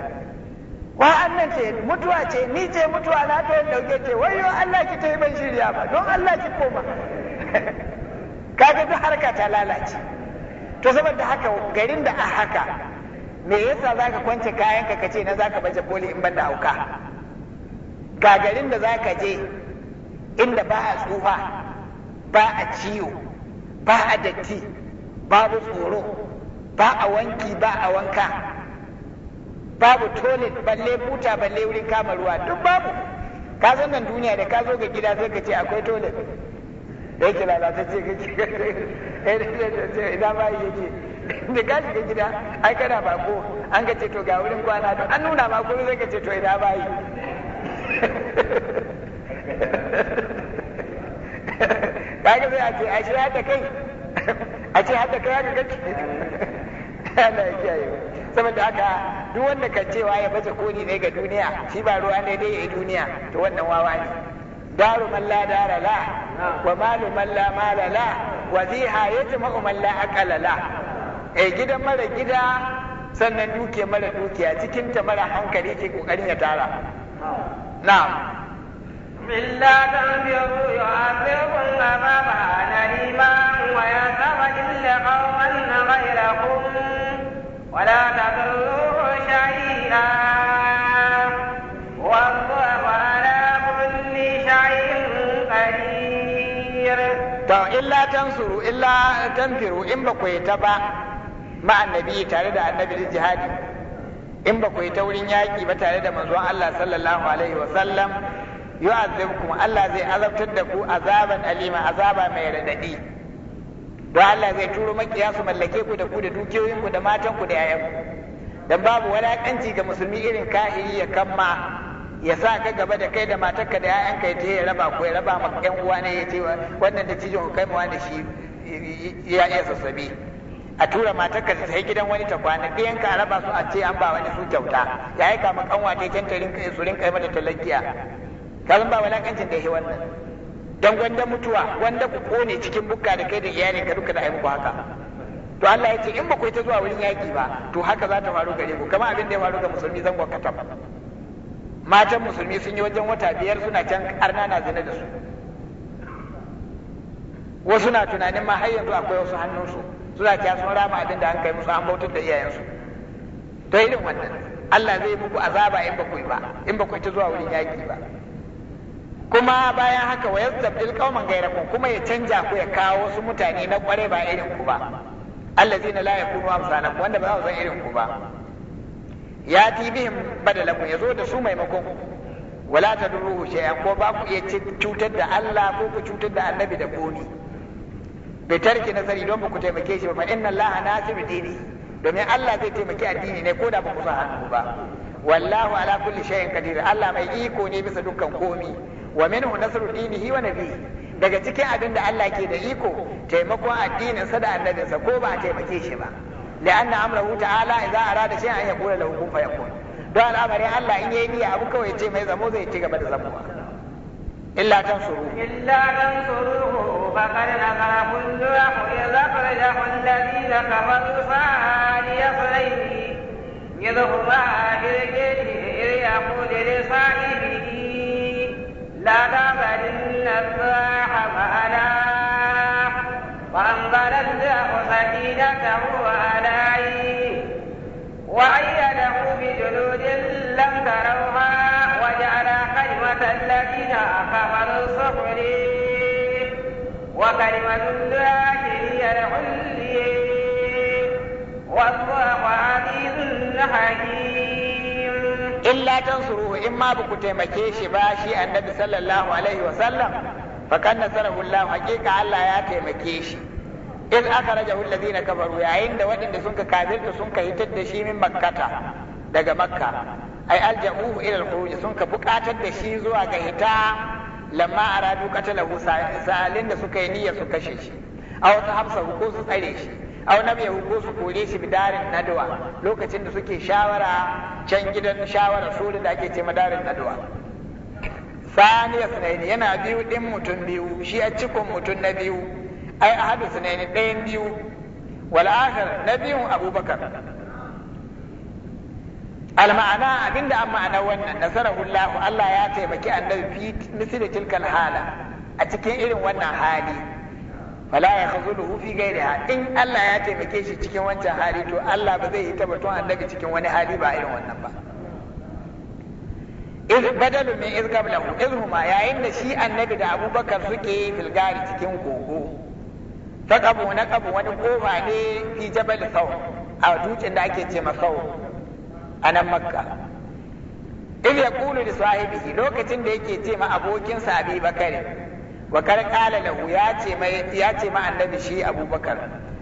wa annan ce mutuwa ce ni ce mutuwa na to ɗauke ce yo Allah ki ta yi ban shirya ba don Allah ki koma kaga duk harka ta lalace to saboda haka garin da a haka me yasa zaka kwance kayanka kace na zaka baje koli in da auka? ga garin da zaka je inda ba a tsufa ba a ciwo ba a datti babu tsoro ba a wanki ba a wanka babu toilet balle buta balle wurin kama ruwa duk babu ka san nan duniya da ka zo ga gida sai ka ce akwai toilet da yake lalatacce ce idan ba yi ke. da ka shiga gida ai kana bako an ka ce to ga wurin kwana to an nuna ba kuma sai ka ce to idan ba yi kaga sai a ce a ce, hada kai a ce hada kai haka kake Allah ya kiyaye saboda haka duk wanda kan cewa ya baje koni ne ga duniya shi ba ruwa ne dai ya duniya to wannan wawa ne daru man la dara la wa malu man la mala la wa ziha yajma'u man la aqala la eh gidan mara gida sannan duke mara dukiya cikin ta mara hankali ke kokarin ya tara na'am To, illa tansuru illa tanfiru in ba ku yi ta ba ma tare da annabi da jihadi in ba ta wurin yaƙi ba tare da manzon Allah sallallahu kuma Allah zai azabtar da ku azaban alima azaba mai radadi don Allah zai turo makiya su mallake ku da ku da dukiyoyinku da matanku da yayanku dan babu walakanci ga musulmi irin kahiri ya kamma ya sa ka gaba da kai da matarka da yayanka ya ce ya raba ku ya raba maka yan uwa ne ya wannan da cijin ku kai da shi ya iya sassabe a tura matarka ta sai gidan wani ta kwana ɗayan ka raba su a ce an ba wani su kyauta ya aika ma kanwa ta kyan su rinka mata talakiya kazan ba walakancin da ya wannan don gwanda mutuwa wanda ku kone cikin bukka da kai da iyali ka duka da haihu haka to Allah ya ce in ba ku ta zuwa wurin yaki ba to haka za ta faru gare ku kamar abin da ya faru ga musulmi zango katam matan musulmi sun yi wajen wata biyar suna can arna na zina da su wasu na tunanin ma har yanzu akwai wasu hannunsu suna kiya sun rama abin da an kai musu an bautar da iyayensu to irin wannan Allah zai muku azaba in ba ku yi ba in ba ku ta zuwa wurin yaki ba kuma bayan haka wa yastabdil qauman gairakum kuma ya canja ku ya kawo wasu mutane na kware ba irin ku ba allazina kuma yakunu amsalakum wanda ba za su san irin ku ba ya ti bihim ku yazo da su maimakon wala ta tadruhu shay'an ko ba ku iya cutar da Allah ko ku cutar da annabi da koni bai tarki nazari don ba ku taimake shi ba inna Allah nasiru dini domin Allah zai taimake addini ne ko da ba ku sa hannu ba wallahu ala kulli shay'in qadir Allah mai iko ne bisa dukkan komi wa minhu nasru dinihi wa nabiyyi daga cikin abin da Allah ke da iko taimakon addinin sa da annabinsa ko ba a taimake shi ba li'anna amrahu ta'ala idza arada shay'an yaqulu lahu kun fayakun don al'amari Allah in yayi niyya abu kawai ce mai zamo zai ci gaba da zamuwa illa tansuru illa tansuru fa qad nazara kullu idza akhrajahu alladhina kafaru fa'aliya falayhi yadhuma bil jinn yaqulu li sahibi لتبلن الصاح فألاح وأنزل الله سكينته عليه وأيده بجنود لم تروها وجعل كلمة الذين كفروا سفلي وكلمة الله هي العلي والله عزيز حكيم in la tansuruhu in ma ba ku taimake shi ba shi annabi sallallahu alaihi wa sallam fa kan nasarahu Allah haqiqa Allah ya taimake shi In aka raja alladhina kafaru yayin da waɗanda sun ka kafirta sun ka hitar da shi min makkata daga makka ai alja'uhu ila al sun ka buƙatar da shi zuwa ga hita lamma aradu qatalahu salin da suka yi niyyar su kashe shi aw ta hafsa ko su tsare shi aw na ya hukun su kore shi bidarin nadwa lokacin da suke shawara can gidan shawara sulhu da ake ce madarin nadwa saniya sunayini yana biyu din mutum biyu shi a cikin mutum na biyu ai a hadu sunayini ɗayan biyu wal na biyun abubakar alma'ana abinda an ma'ana wannan nasarar Allah Allah ya taimaki annabi fi misali tilkal hala a cikin irin wannan hali fala ya khazuluhu fi gairiha in Allah ya taimake shi cikin wancan hali to Allah ba zai yi ta batun annabi cikin wani hali ba irin wannan ba iz badalu min iz qablahu iz huma yayin da shi annabi da abubakar suke filgari cikin kogo ta kabu na kabu wani kofa ne fi jabal sau a dutsen da ake ce masaw a nan makka iz yaqulu li sahibihi lokacin da yake ce ma sa abi bakare wa kar qala lahu ya ce mai ya ce ma annabi shi abubakar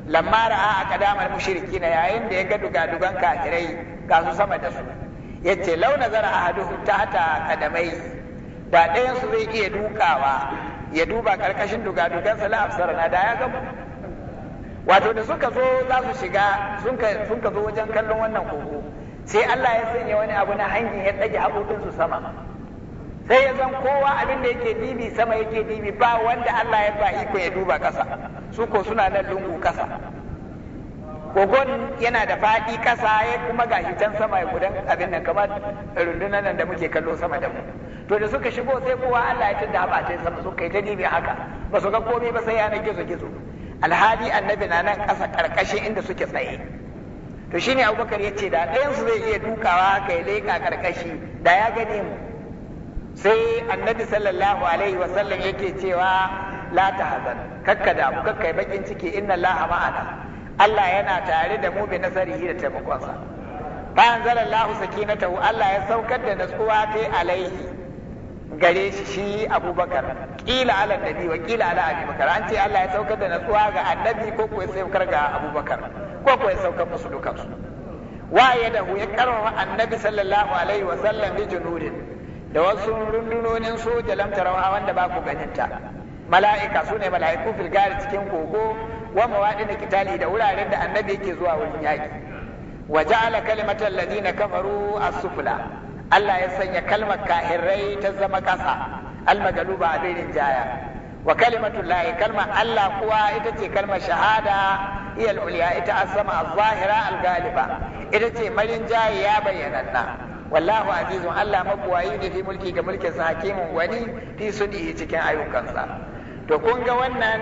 lamma ra'a aqdamal na, yayin da ya ga dugadugan kafirai ga su sama da su yace law nazara ta hata qadamai da ɗayan su zai iya dukawa ya duba karkashin dugadugan sa la absarana da ya ga wato da suka zo za su shiga sun ka zo wajen kallon wannan kogo sai Allah ya sanya wani abu na hangin ya ɗage haƙoƙinsu sama sai ya zan kowa abin da yake dibi sama yake dibi ba wanda Allah ya ba iko ya duba kasa su ko suna nan lungu kasa, kogon yana da faɗi kasa ya kuma gashi can sama ya gudan abin nan kamar rundunar nan da muke kallo sama da mu to da suka shigo sai kowa Allah ya tada ba ta sama su yi ta dibi haka ba su ga komai ba sai yana gizo gizo alhali annabi na nan kasa karkashin inda suke tsaye to shine abubakar ya ce ɗayan su zai iya dukawa haka ya leƙa ƙarƙashi da ya gane mu sai annabi sallallahu alaihi wasallam yake cewa la tahzan kakka mu kakkai bakin ciki inna allaha ma'ana Allah yana tare da mu bi nasarihi da taimakonsa fa anzalallahu sakinatahu Allah ya saukar da natsuwa ta alaihi gare shi shi abubakar kila ala nabi wa kila ala bakar an ce Allah ya saukar da natsuwa ga annabi ko ko ya saukar ga abubakar ko ko ya saukar musu dukansu wa yadahu ya karwa annabi sallallahu alaihi wasallam bi junudin da wasu rundunonin soja lamtarawa wanda ba ku ganinta mala'ika su ne mala'iku filgari cikin kogo wa mawaɗi na kitali da wuraren da annabi yake zuwa wurin yaki. wa ja'ala kalimatal ladina kafaru a sufla Allah ya sanya kalmar kahirai ta zama ƙasa ba a bairin jaya wa kalimatu lahi kalmar Allah kuwa ita ce kalmar shahada iyal uliya ita sama az-zahira al-galiba ita ce marin jaya ya bayyana wallahu azizun Allah mabuwayi ne fi mulki ga mulkin sa hakimin wani fi sudi cikin ayyukansa to kun ga wannan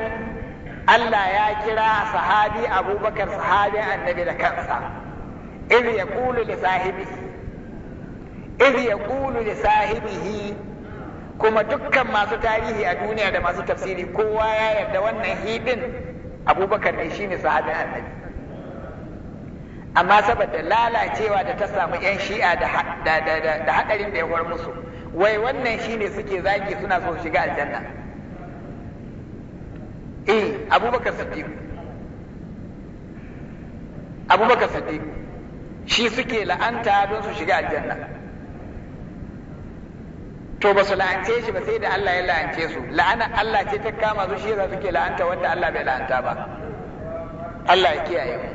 Allah ya kira sahabi Abubakar sahabi annabi da kansa idh yaqulu li sahibihi idh yaqulu li sahibihi kuma dukkan masu tarihi a duniya da masu tafsiri kowa ya yarda wannan hidin Abubakar ne shine sahabin annabi amma saboda lalacewa da ta samu 'yan shi'a da haɗarin da ya war musu wai wannan shine suke zagi suna so shiga aljanna eh abubakar siddiq abubakar siddiq shi suke la'anta don su shiga aljanna to ba su la'ance shi ba sai da Allah ya la'ance su la'ana Allah ce ta kama su shi yasa suke la'anta wanda Allah bai la'anta ba Allah ya kiyaye mu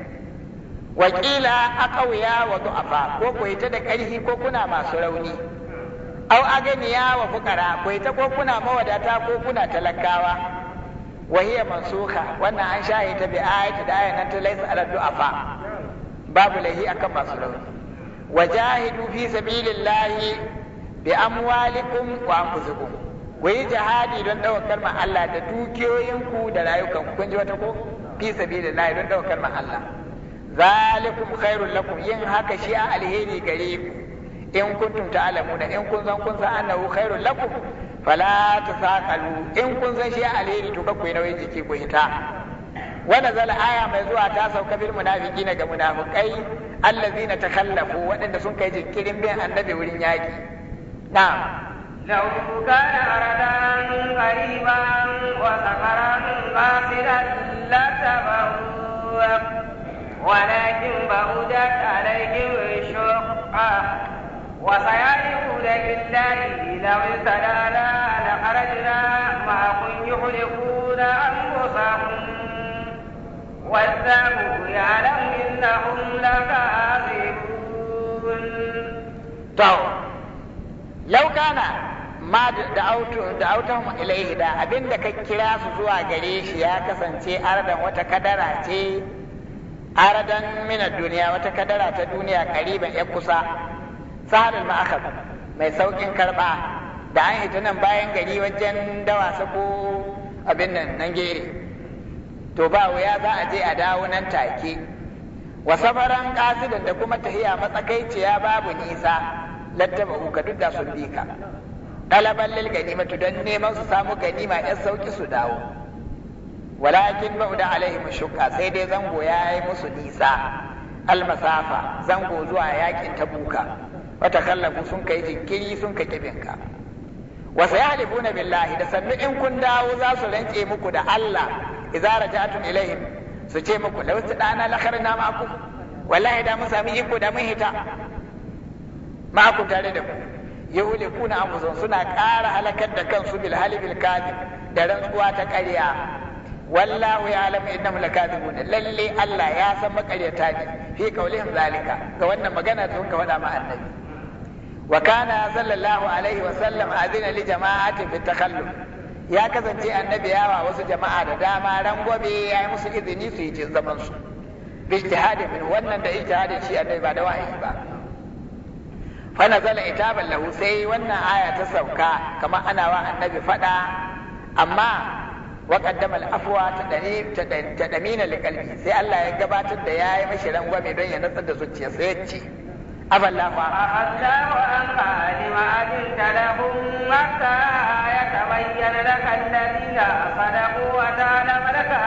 wakila aqawiya wa du'afa ko ku ita da ƙarfi ko kuna masu rauni au aganiya wa fukara, ku ita ko kuna mawadata ko kuna talakawa wa hiya mansukha wannan an shahi ta bi ayati da ayyana ta laysa ala du'afa babu lahi akan masu rauni Wa wajahidu fi sabilillahi bi amwalikum wa anfusikum ku yi jihadi don ɗaukar kalmar da dukiyoyinku da rayukanku kun ji wata ko fi sabilillahi don ɗaukar kalmar zalikum khairul lakum yin haka shi a alheri gare ku in kuntum ta'lamuna in kun san kun san annahu khairul lakum fala tasaqalu in kun san shi a alheri to kakku yi nauyin jiki ku hita wa nazala aya mai zuwa ta sauka bil munafiqina ga munafiqai ta takallafu waɗanda sun kai jinkirin bin annabi wurin yaki na'am لو كان أردا قريبا وسفرا قاصدا لتبوأ ولكن بعدت عليهم الشقة وسيعرفون لله لو ابتلانا لخرجنا معهم يحلفون أنفسهم والله يعلم إنهم لكاذبون. لو كان ma da'autahum ilaihi da abinda ka kira su zuwa gare shi ya kasance ardan wata kadara ce aradan mina duniya wata kadara ta duniya kariban ya kusa sahalul ma'akhad mai saukin karba da an hita nan bayan gari wajen dawasa ko abin nan nan gere to ba wuya za a je a dawo nan take wa safaran qasidan da kuma tahiya matsakaiciya babu nisa lattaba uka duk da sun bi ka ɗalaban ganimatu don neman su samu ganima yan sauki su dawo walakin ba'uda alaihim shukka sai dai zango ya yi musu nisa almasafa zango zuwa yakin tabuka wata kallafu sun kai jinkiri sun ka kibinka wa sayalibuna billahi da sannu in kun dawo za su rance muku da Allah idza Jatun ilaihim su ce muku law tadana la kharna ma'akum wallahi da mu sami iko da mun hita ma'akum tare da ku yahulikuna Amuzon, suna ƙara halakar da kansu bil halibil da rantsuwa ta ƙarya wallahu ya ya'lamu innahum lakadibun lalle Allah ya san makaryata ne fi qaulihim zalika ga wannan magana da suka faɗa ma annabi wa kana sallallahu alaihi wa sallam azina li jama'atin fi takhallum ya kasance annabi wa wasu jama'a da dama rangwabe ya yi musu izini su yi zaman su bi ijtihadin min wannan da ijtihadin shi annabi ba da wa'ayi ba fa nazala itaban lahu sai wannan aya ta sauka kamar ana wa annabi fada amma wa qaddama al-afwa ta damina liqalbi sai Allah ya gabatar da yayi mashi rangwame don ya natsar da zuciyarsa ya ci aballahu Allahu an qalima adin talahum hatta yatabayyana laka alladhina sadaqu wa ta'lamu laka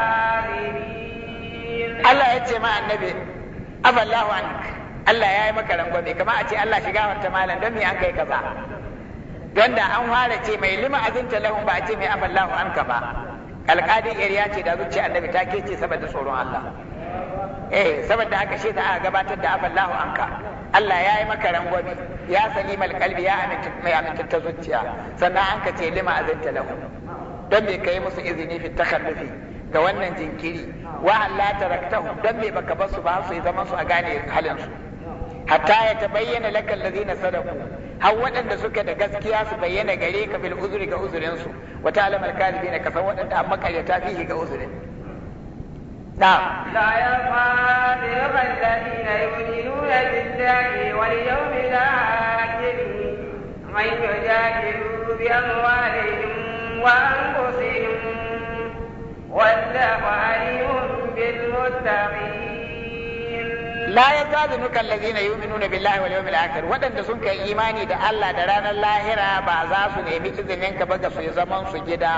Allah ya ce ma annabi aballahu an Allah ya yi maka rangwame kama a ce Allah shiga wata malam don me an kai kaza don da an fara ce mai lima azinta lahum ba ce mai aballahu anka ba alƙadin ya ce da zuciya annabi ta ce saboda tsoron Allah eh saboda aka shi da aka gabatar da afallahu anka Allah ya yi maka rangwami ya salimal kalbi ya amintatta zuciya sannan an ka ce lima azinta lahu don bai kai musu izini fi takallufi ga wannan jinkiri wa Allah taraktahu don me baka basu ba su yi su a gane halin su hatta ya tabayyana lakal ladina sadaku har waɗanda suka da gaskiya su bayyana gare ka bil uzuri ga uzurinsu su wa ta'lam al kadibina ka san waɗanda amma karyata fihi ga uzurin نعم لا يرفع طريق الذين يؤمنون بالله واليوم الآخر من يجادل بأموالهم وأنفسهم والله بالمتقين la yazalunuka allazina yu'minuna billahi wal yawmil akhir waɗanda sun kai imani da Allah da ranar lahira ba za su nemi izinin ka ba ga su zaman su gida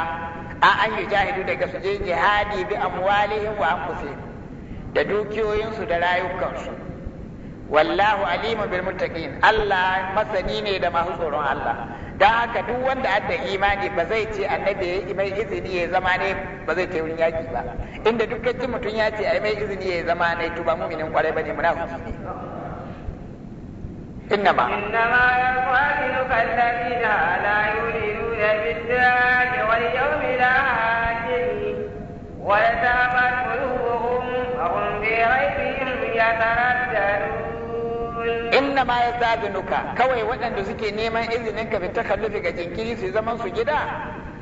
a an yi jahidu daga su je jihadi bi amwalihim wa anfusihim da dukiyoyinsu da rayukansu wallahu alimun bil muttaqin Allah masani ne da masu tsoron Allah Da haka duk wanda adda imani ba zai ce annabi ya mai izini ya zama ne ba zai ce wurin yaki ba inda dukkan ji mutum ya ce ai mai izini ya zama ne to ba muminin kwarai bane munafiki ne inna ma yaqulu kallabina la yuriduna billahi wal yawmil akhir wa yatafakkuru hum bi raybihim yataraddadun inna ma ya nuka kawai waɗanda suke neman izinin ka ta kallufi ga jinkiri su zaman su gida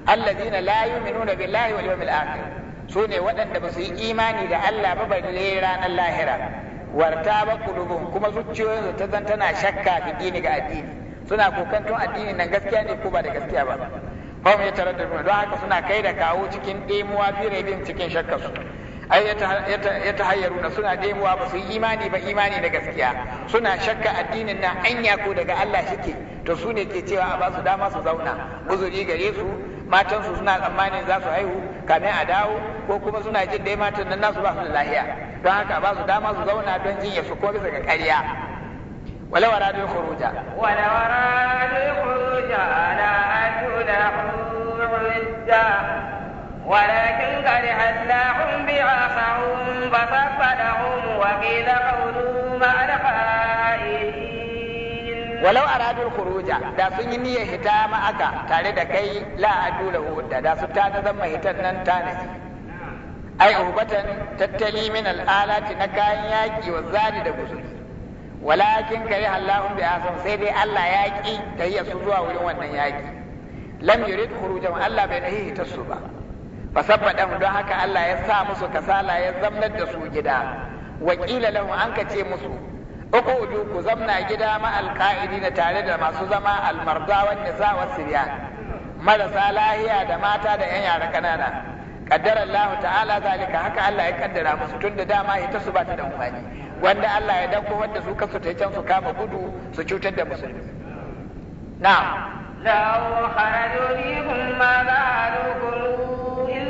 alladina la yu'minuna billahi wal yawmil akhir su ne waɗanda ba su yi imani da Allah ba da ranar lahira warta ba kulubun kuma zuciyoyinsu ta zan tana shakka fi dini ga addini suna kokantun addini nan gaskiya ne ko ba da gaskiya ba ba mu yi tarar da don haka suna kai da kawo cikin ɗemuwa fi rabin cikin su. ai ya na suna demuwa ba su yi imani ba imani da gaskiya suna shakka addinin na anya ko daga Allah shike to su ne ke cewa a basu dama su zauna guzuri gare su matan suna tsammanin za su haihu kamin a dawo ko kuma suna jin dai matan nan nasu ba su da lahiya don haka ba su dama su zauna don jinya su ko bisa ga ƙarya wala wara khuruja wala wara khuruja ala ولكن كره الله بعصهم فصفدهم وقيل قولوا مع الخائنين ولو أرادوا الخروج دا سن ينية هتا ما أكا تاري دا كي لا أدو له دا دا ستانا ذم هتنن تانه أي أهبة تتلي من الآلات نكاين ياكي والزاد دا بسوس ولكن كره الله بعصهم سيدي الله ياكي تهي سزوا ولوانا ياكي lam yurid khurujan Allah bai nahi ta su ba fasabba dan don haka Allah ya sa musu kasala ya zamnar da su gida wakila lahu an ka ce musu uku ku zamna gida ma alqa'idina tare da masu zama almarda wan nisa wasriya marasa lahiya da mata da yan yara kanana kaddara Allah ta'ala zalika haka Allah ya kaddara musu da dama ita su ba ta da amfani wanda Allah ya dauko wanda su kasu ta can su kama gudu su cutar da musulmi na'am لو خرجوا فيكم ما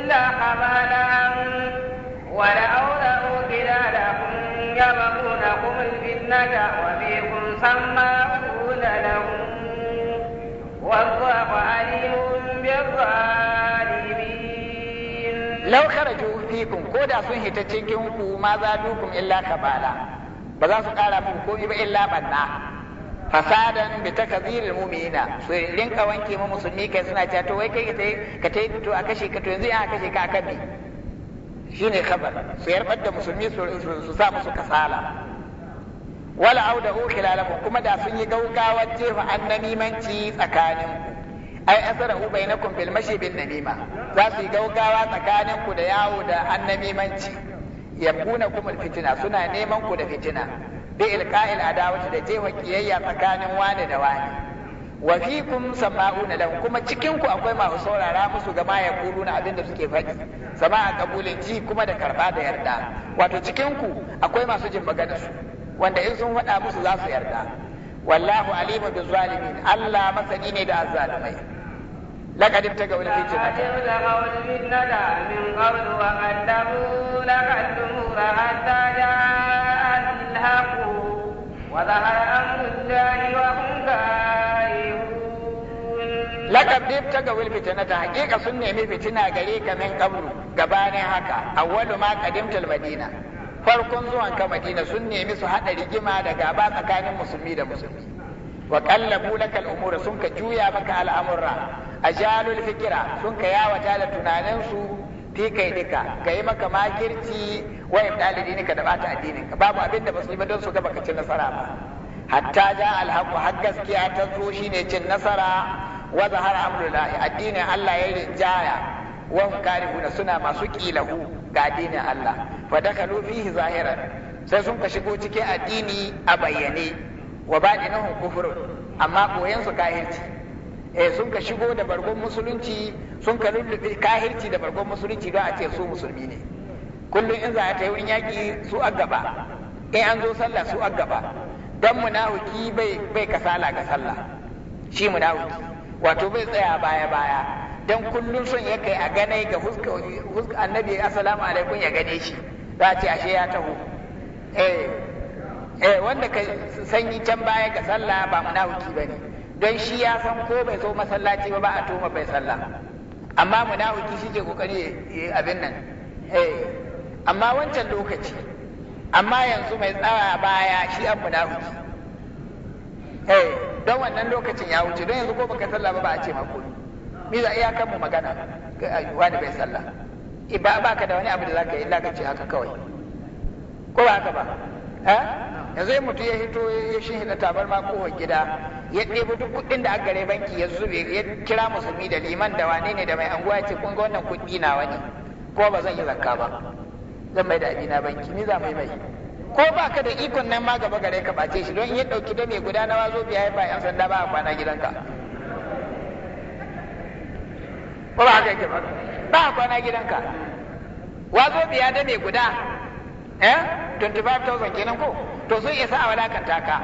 إلا خبالا ولأولوا بلادهم يبغونكم الفتنة وفيكم سماعون لهم والله عليم بالظالمين لو خرجوا فيكم كودا سن هتتشكين ما زادوكم إلا خبالا ba za su ƙara muku ko ba illa banna fasadan bi takziril mu'minina su rinka wanke mu musulmi kai suna cewa to wai kai ka tai to a kashe ka to yanzu ya kashe ka akan me shine khabar su yarbar da musulmi su sa musu kasala wala auda khilalakum kuma da sun yi gaugawa jefa annamimanci tsakanin ai asara bainakum bil mashi bin namima za su yi gaugawa tsakanin ku da yawo da annamimanci yabuna kumul fitina suna neman ku da fitina bi ilqa'il adawati da jefa kiyayya tsakanin wani da wani wa fikum sama'una lahum kuma cikin ku akwai masu saurara musu ga ma yaquluna abinda suke faɗi sama'a qabulin ji kuma da karba da yarda wato cikin ku akwai masu jin magana su wanda in sun faɗa musu za su yarda wallahu alimu bi zalimin Allah masani ne da azzalimai لقد ابتغوا الفتنة من قبل وقدموا لقدموا حتى جاء الحق وظهر أمر الله وهم كارهون لقد ابتغوا الفتنة حقيقة سنة من فتنة غريكا من قبل gabanin haka awwalu ma qadimtul madina farkon zuwan ka madina sun nemi su hada rigima da gaba tsakanin musulmi da musulmi wa qallabu lakal umura sun ka juya maka al'amurra ajalul fikira sun ka yawata da tunanin su fi kai duka ga yi maka makirci wayan dalibi ne ka da bata addinin ka babu abin da ba su yi ba don su ga baka cin nasara ba hatta ja alhaqu har gaskiya ta zo shine cin nasara wa zahara lahi addinin Allah ya rinjaya wa hum karihuna suna masu kilahu ga addinin Allah fa dakalu fihi zahiran sai sun ka shigo cikin addini a bayyane wa badinahum kufrun amma koyan su kahirci eh sun ka shigo da bargon musulunci sun ka lullube kahirci da bargon musulunci don a ce su musulmi ne kullum in za a ta wurin yaƙi su a gaba in an zo sallah su a gaba don munawuki bai kasala ga sallah shi munawuki. wato bai tsaya baya baya don kullum son ya kai a ganai ga huska annabi assalamu alaikum ya gane shi za a ce ashe ya taho eh, eh wanda ka sanyi can baya ga sallah ba ba ne. don shi ya san ko bai zo masallaci ba ba a tuma bai sallah amma munafiki shi ke kokari abin nan eh amma wancan lokaci amma yanzu mai tsara baya shi an munafiki eh don wannan lokacin ya wuce don yanzu ko baka sallah ba ba a ce ma ko ni za iya kan mu magana wani bai sallah eh, ba ka da wani abu da zaka yi illa ka ce haka kawai ko ba haka ba yanzu ya mutu ya hito ya shi da tabarma kohon gida ya ɗebo duk kuɗin da aka banki ya zube ya kira musulmi da liman da wane ne da mai anguwa ya ce kun ga wannan kuɗi na wani ko ba zan yi zakka ba zan mai da abina banki ni za mai mai ko ba ka da ikon nan ma gaba gare ka bace shi don in ya ɗauki da mai guda na wazo biya ya ba yan sanda ba a kwana gidanka ko ba haka yake ba ba a kwana gidanka wazo biya da mai guda eh 25,000 kenan ko to sun isa a wadakanta ka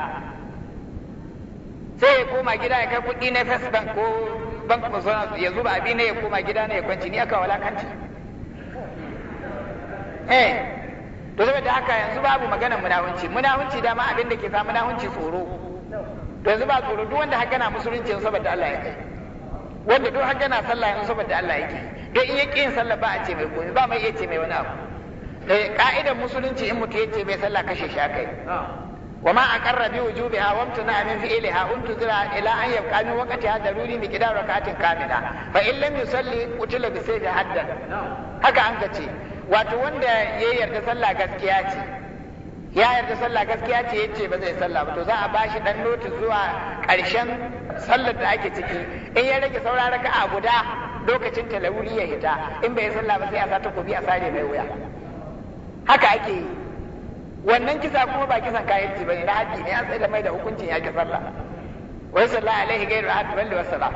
sai ya koma gida ya kai kuɗi na first bank ko bank musulman ya zuba abi ne ya koma gida ne ya kwanci ni aka wadakanci eh to saboda haka yanzu babu maganar munahunci munahunci dama abin da ke sa munahunci tsoro to yanzu ba tsoro duk wanda haka na musulunci saboda Allah ya kai wanda duk haka na sallah yanzu saboda Allah yake don eh, in yake yin sallah ba a ce mai ba mai iya ce mai wani abu eh ka'idar musulunci in mutum yace bai sallah kashe shi akai wa ma aqarra bi wujubiha wa amtana min fi'liha untuzira ila an yabqa min waqtiha daruri bi qidar rak'atin kamila fa in lam yusalli qutila bi sayfi haddan haka an kace wato wanda ya yarda sallah gaskiya ce ya yarda sallah gaskiya ce yace ba zai sallah ba to za a bashi dan notice zuwa karshen sallar da ake ciki in ya rage saura a guda lokacin talawuri ya hita in bai sallah ba sai a sa takobi a sare mai wuya haka ake yi wannan kisa kuma ba kisan ba bane na haji ne an sai da mai da hukuncin ya kisar sallah wai sallah alaihi gairu ahad balli wassalam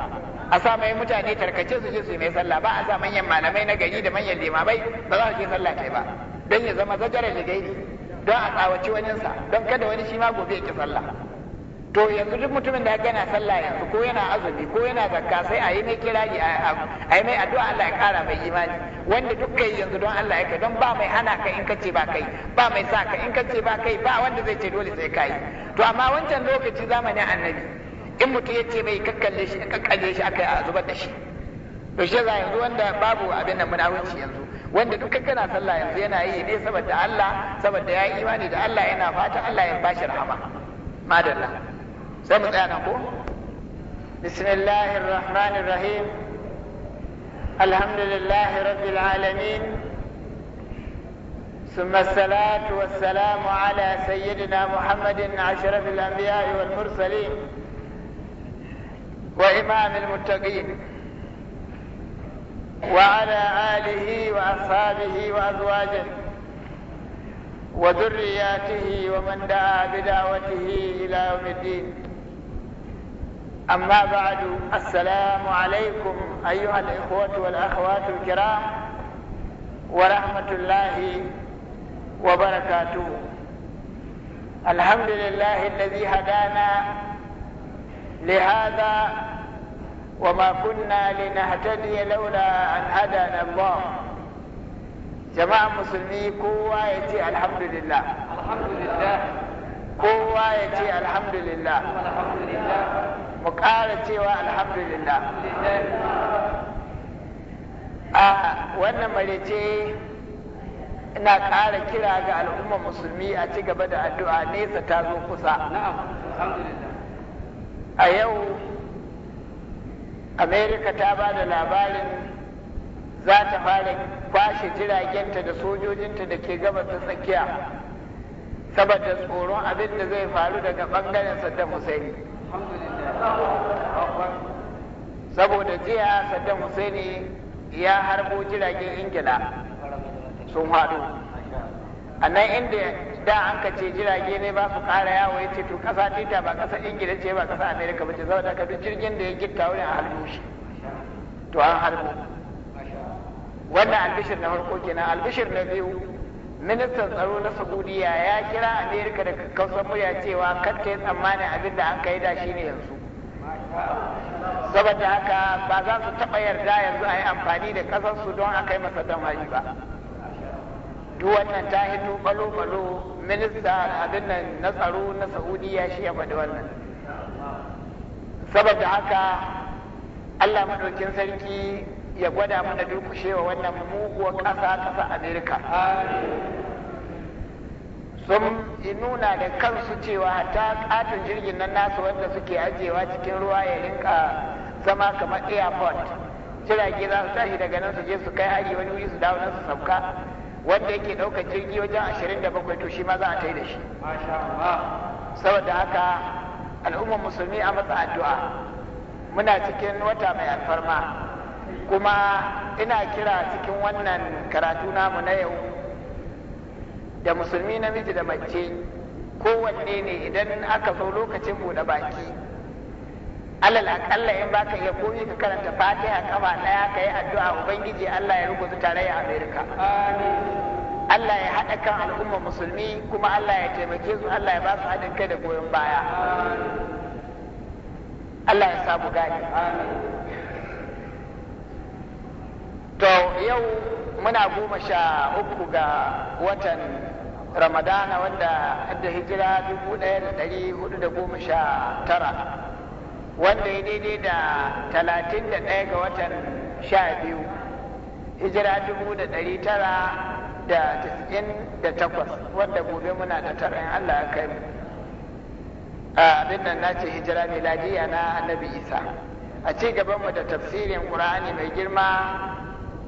a sa mai mutane tarkace su je su mai sallah ba a sa manyan malamai na gari da manyan limamai ba za su je sallah kai ba don ya zama zajarar da gairi don a tsawaci waninsa don kada wani shi ma gobe ya ki sallah to yanzu duk mutumin da yana sallah yanzu ko yana azumi ko yana zakka sai a yi mai kirari a yi mai addu'a Allah ya kara mai imani wanda duk kai yanzu don Allah ya kai don ba mai hana ka in ce ba kai ba mai sa ka in ce ba kai ba wanda zai ce dole sai kai to amma wancan lokaci zamanin annabi in mutum ya ce mai kakkalle shi kakkalle shi aka a zubar da shi to shi za yanzu wanda babu abin nan wuce yanzu wanda duk kana sallah yanzu yana yi ne saboda Allah saboda ya yi imani da Allah yana fata Allah ya bashi rahama madalla سمت أنا أقول بسم الله الرحمن الرحيم الحمد لله رب العالمين ثم الصلاة والسلام على سيدنا محمد أشرف الأنبياء والمرسلين وإمام المتقين وعلى آله وأصحابه وأزواجه وذرياته ومن دعا بدعوته إلى يوم الدين أما بعد السلام عليكم أيها الإخوة والأخوات الكرام ورحمة الله وبركاته الحمد لله الذي هدانا لهذا وما كنا لنهتدي لولا أن هدانا الله جماعة مسلمي قوة الحمد لله الحمد لله قوة الحمد لله الحمد لله mu ƙara cewa alhamdulillah a wannan marece ina ƙara kira ga al'ummar musulmi a ci gaba da addu'a nesa ta zo kusa a yau amerika ta ba da labarin za ta fara kwashe jiragenta da sojojinta da ke gabas ta tsakiya saboda tsoron abin da zai faru daga ɓangaren saddam Hussein. saboda jiya saddam husaini ya harbo jiragen ingila sun haɗu a nan inda da an ka ce jirage ne ba su ƙara yawo ya ce to ƙasa tita ba ƙasa ingila ce ba ƙasa amerika ba ce saboda ka duk jirgin da ya gitta wurin harbo shi to an harbo wannan albishir na farko kenan albishir na biyu ministan tsaro na saudiya ya kira amerika da kausar murya cewa kanta ya tsammanin abin da an kai da shi ne yanzu saboda haka ba za su taɓa yarda yanzu a yi amfani da ƙasarsu don a kai masa damari ba duk wannan ta hito balo-balo minista abin nan na tsaro na saudiya shi ya faɗi wannan saboda haka allah maɗaukin sarki ya gwada mana durkushewa wannan muguwar ƙasa ƙasa amerika sun nuna da kansu cewa hatta katon jirgin nan nasu wanda suke ajiyewa cikin ruwa ya rinka zama kamar airport jirage za su tashi daga nan su je su kai hari wani wuri su dawo nan su sauka wanda yake ɗaukar jirgi wajen ashirin da bakwai to shi ma za a tai da shi saboda haka al'ummar musulmi a matsa addu'a muna cikin wata mai alfarma kuma ina kira cikin wannan karatu namu na yau da musulmi namiji da mace kowanne ne idan aka zo lokacin buɗe baki alal akalla in baka iya komi ka karanta fatiha kafa ɗaya ka yi addu'a ubangiji allah ya rubuta tarayya amerika Allah ya haɗa kan al'ummar musulmi kuma Allah ya taimake su Allah ya ba su haɗin kai da goyon baya Allah ya samu gani. to yau muna goma sha uku ga watan ramadana wanda hadda hijira dubu ɗaya da ɗari hudu da goma sha tara wanda ya daidai da talatin da ɗaya ga watan sha biyu hijira dubu da ɗari tara da tasa'in da takwas wanda gobe muna da tara in Allah ya kai mu abin nan na ce hijira miladiya na annabi isa a ci gabanmu da tafsirin ƙur'ani mai girma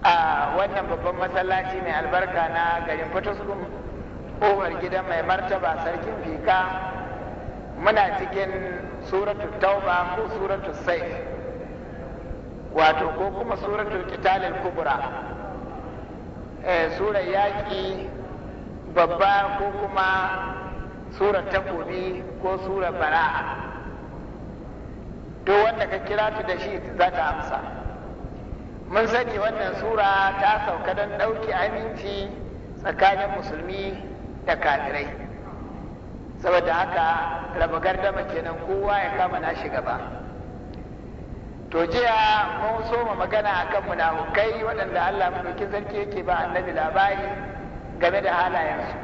a wannan babban masallaci mai albarka na garin fataskun ƙofar gidan mai martaba sarkin fika muna cikin suratul tauba ko suratul saif wato ko kuma suratul kitalil kubra eh, surar yaƙi babba ko kuma surar takobi ko surar bara'a to wanda ka kira ta da shi za ta amsa mun sani wannan sura ta sauka don ɗauki aminci tsakanin musulmi da kafirai saboda haka raba gardama kenan kowa ya kama na shi gaba to jiya mun soma magana kan munafukai waɗanda Allah madaukin sarki yake ba annabi labari game da halayensu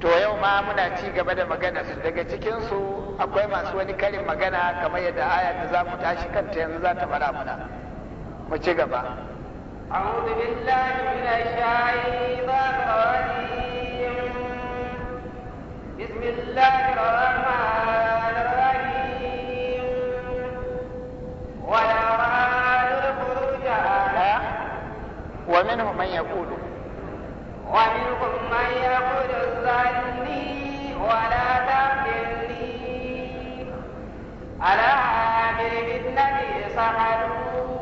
to yau ma muna ci gaba da magana su daga cikinsu akwai masu wani karin magana kamar yadda aya da za mu tashi kanta yanzu za ta fara muna mu ci gaba أعوذ بالله من الشيطان الرجيم بسم الله الرحمن الرحيم ولا ومنهم من يقول ومنهم من يقول ذرني ولا تقتلني على عامل بالنبي صحروا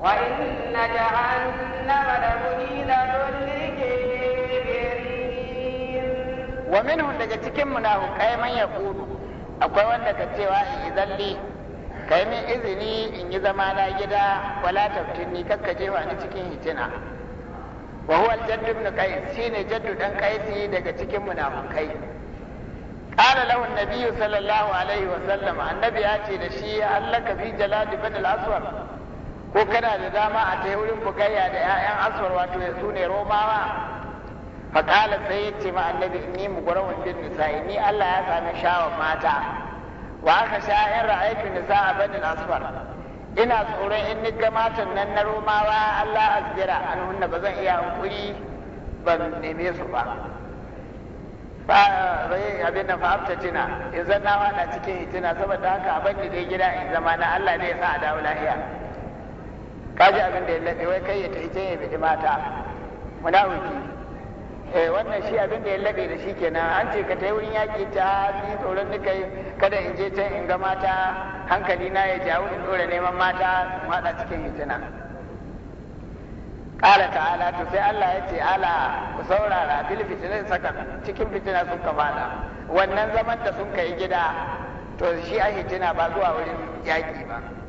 وإن جهنم لمحيطة ومنهم daga cikin munafukai manyan yaqulu akwai wanda ka cewa in zalli yi min izini in yi zama na gida wala taftinni kakka jewa ni cikin hitina wa huwa al ibn qais shine jaddu dan qaisi daga cikin munafukai قال له النبي صلى الله عليه وسلم النبي آتي لشيء هل لك في جلاد بن الأسود ko kana da dama a tai wurin bugayya da 'ya'yan aswar wato ya sune romawa faƙala sai ce ma annabi inni mugrawun bin nisa'i ni Allah ya sami shawar mata wa aka sha in ra'aytu nisa'a banin asfar ina tsoron in ni ga matan nan na romawa Allah asbira an hunna ba zan iya hankuri ban neme su ba ba sai abin da fa'abta tina in na na cikin hitina saboda haka a banni dai gida in zama na Allah ne ya sa a dawo lahiya ka ji abin da ya laɓe wai kai ya ta can ya biɗi mata munafiki eh wannan shi abin da ya laɓe da shi kenan an ce ka tai wurin yaƙi ta ni tsoron ni kai, kada in je can in ga mata hankali na ya jawo in dora neman mata in haɗa cikin hijina. ƙara ta'ala to sai Allah ya ce ala ku saurara bil fitinan saka cikin fitina sun ka fada wannan zaman da sun kai gida to shi a hijina ba zuwa wurin yaƙi ba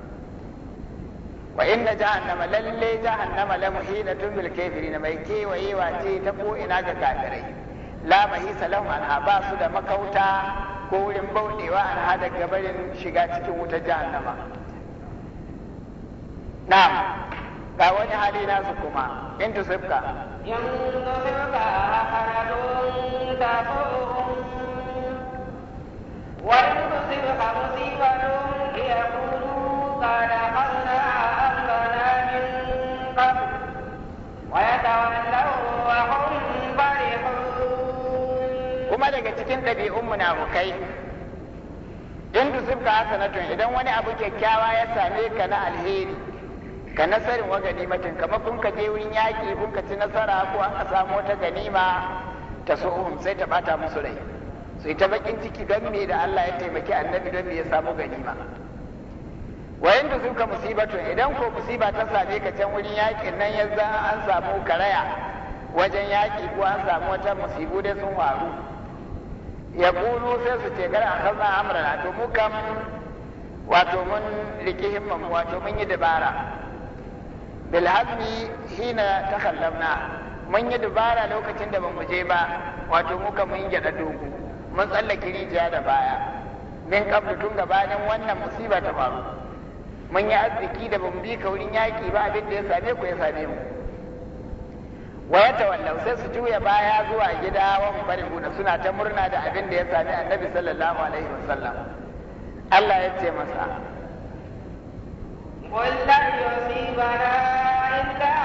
wa inna jahannama lalle jahannama la muhinatun bil kafirin mai kewayewa ce ta ko'ina ga kafirai la mahisa lahum anha ba su da makauta ko wurin bauɗewa an hada shiga cikin wutar jahannama na'am ga wani hali nasu kuma in tusibka kuma daga cikin ɗabi'un munafukai in tusibka hasanatun idan wani abu kyakkyawa ya same ka na alheri ka nasarin wa ganimatin kamar kun ka je wurin yaƙi kun ka ci nasara ko an ka samu wata ganima ta so'uhum sai ta bata musu rai sai ta bakin ciki don me da Allah ya taimaki annabi don me ya samu ganima wayan da suka musibatun idan ko musiba ta same ka can wurin yakin nan za an samu karaya wajen yaki ko an samu wata musibu da sun faru ya sai su ce gara a kasa amrana to mu kam wato mun riki himman wato mun yi dabara bilhammi hina ta kallamna mun yi dabara lokacin da ban mu je ba wato muka mun gyada dogo mun tsallake rijiya da baya min kablu tun gabanin wannan musiba ta faru mun yi arziki da ban bi ka wurin yaƙi ba abin da ya same ku ya same mu Waye ta wallau sai su juya baya zuwa gida wa mufarihuna suna ta murna da abin da ya same annabi sallallahu alaihi wasallam Allah ya ce masa wallahi yusibana inda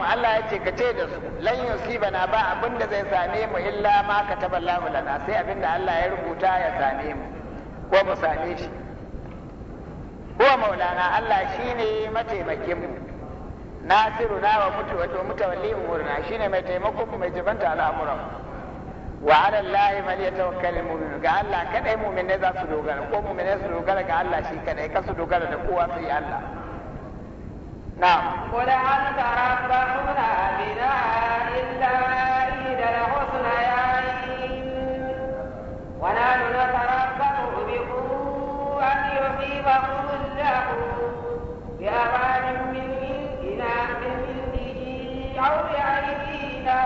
mu Allah ya ce ka ce da su lan na ba abin da zai same mu illa ma kataba Allahu lana sai abin da Allah ya rubuta ya same mu ko mu same shi ko maulana Allah shine mataimakin mu nasiru na wa mutu wato mutawalli umurna shine mai taimakon mu mai jibanta al'amuran wa ala Allah mal yatawakkalul mu'min ga Allah kadai mu'min ne za su dogara ko mu'min ne su dogara ga Allah shi kadai ka su dogara da kowa sai Allah نعم قل هل تربصون بنا إلا إذا الحسنيين ونحن نتربص بقوة يصيبكم الله بأمان من إناء من عنده أو بأيدينا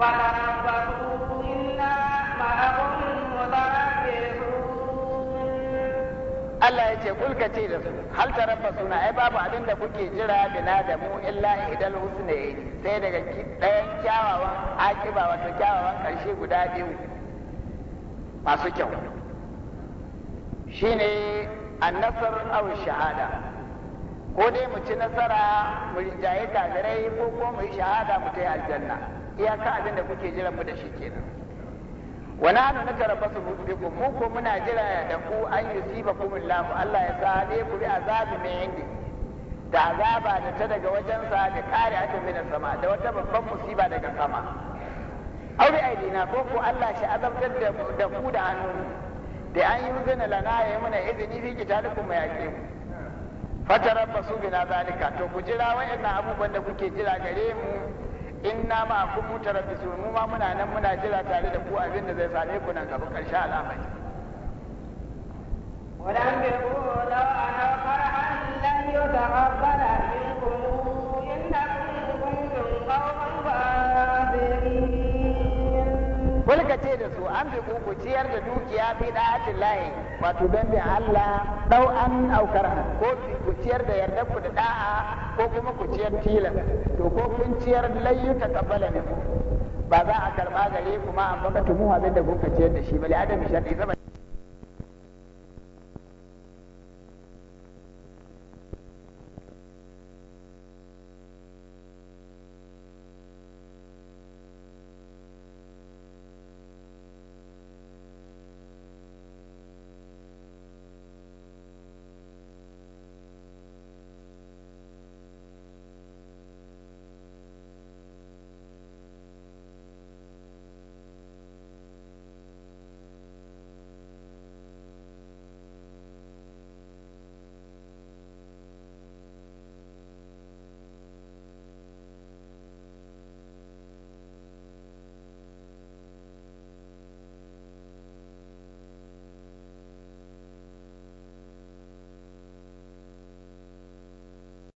فتربصوا Allah ya ce kulka ce da su hal tarabba suna ai babu abin da kuke jira bina da mu illa idal husna sai daga ɗayan kyawawan akiba wato kyawawan ƙarshe guda biyu masu kyau shine annasar aw shahada ko dai mu ci nasara mu rinjaye kafirai ko ko mu yi shahada mu ta yi aljanna iyaka abin da kuke jiran mu da shi kenan wani hannu na mutu biku mu ko muna jira da ku an yi yusiba kumullahu Allah ya sade ku bi azabi mai yanki da azaba da ta daga wajensa da kare ake min sama da wata babban musiba daga sama aure aidina ko ko Allah shi azabtar da ku da hannu da an yi zina lana ya yi mana izini fi kitalikum mai yake mu fatarabbasu bina zalika to ku jira wa'annan abubuwan da kuke jira gare mu inna ma kun bisu mu ma muna nan muna jira tare da ku abin da zai same ku nan gaba karshe al'amari ولم يكونوا لو أنا فرحا لن يتقبل min kulka da su an fi ku ciyar da dukiya fi da'atin lahi wato don bin Allah dau an aukar ko ku ciyar da yarda ku da da'a ko kuma ku ciyar tila to ko kun ciyar layyuka kabbala ne ba za a karba gare kuma amma ka tumu abin da kuka ciyar da shi bali adam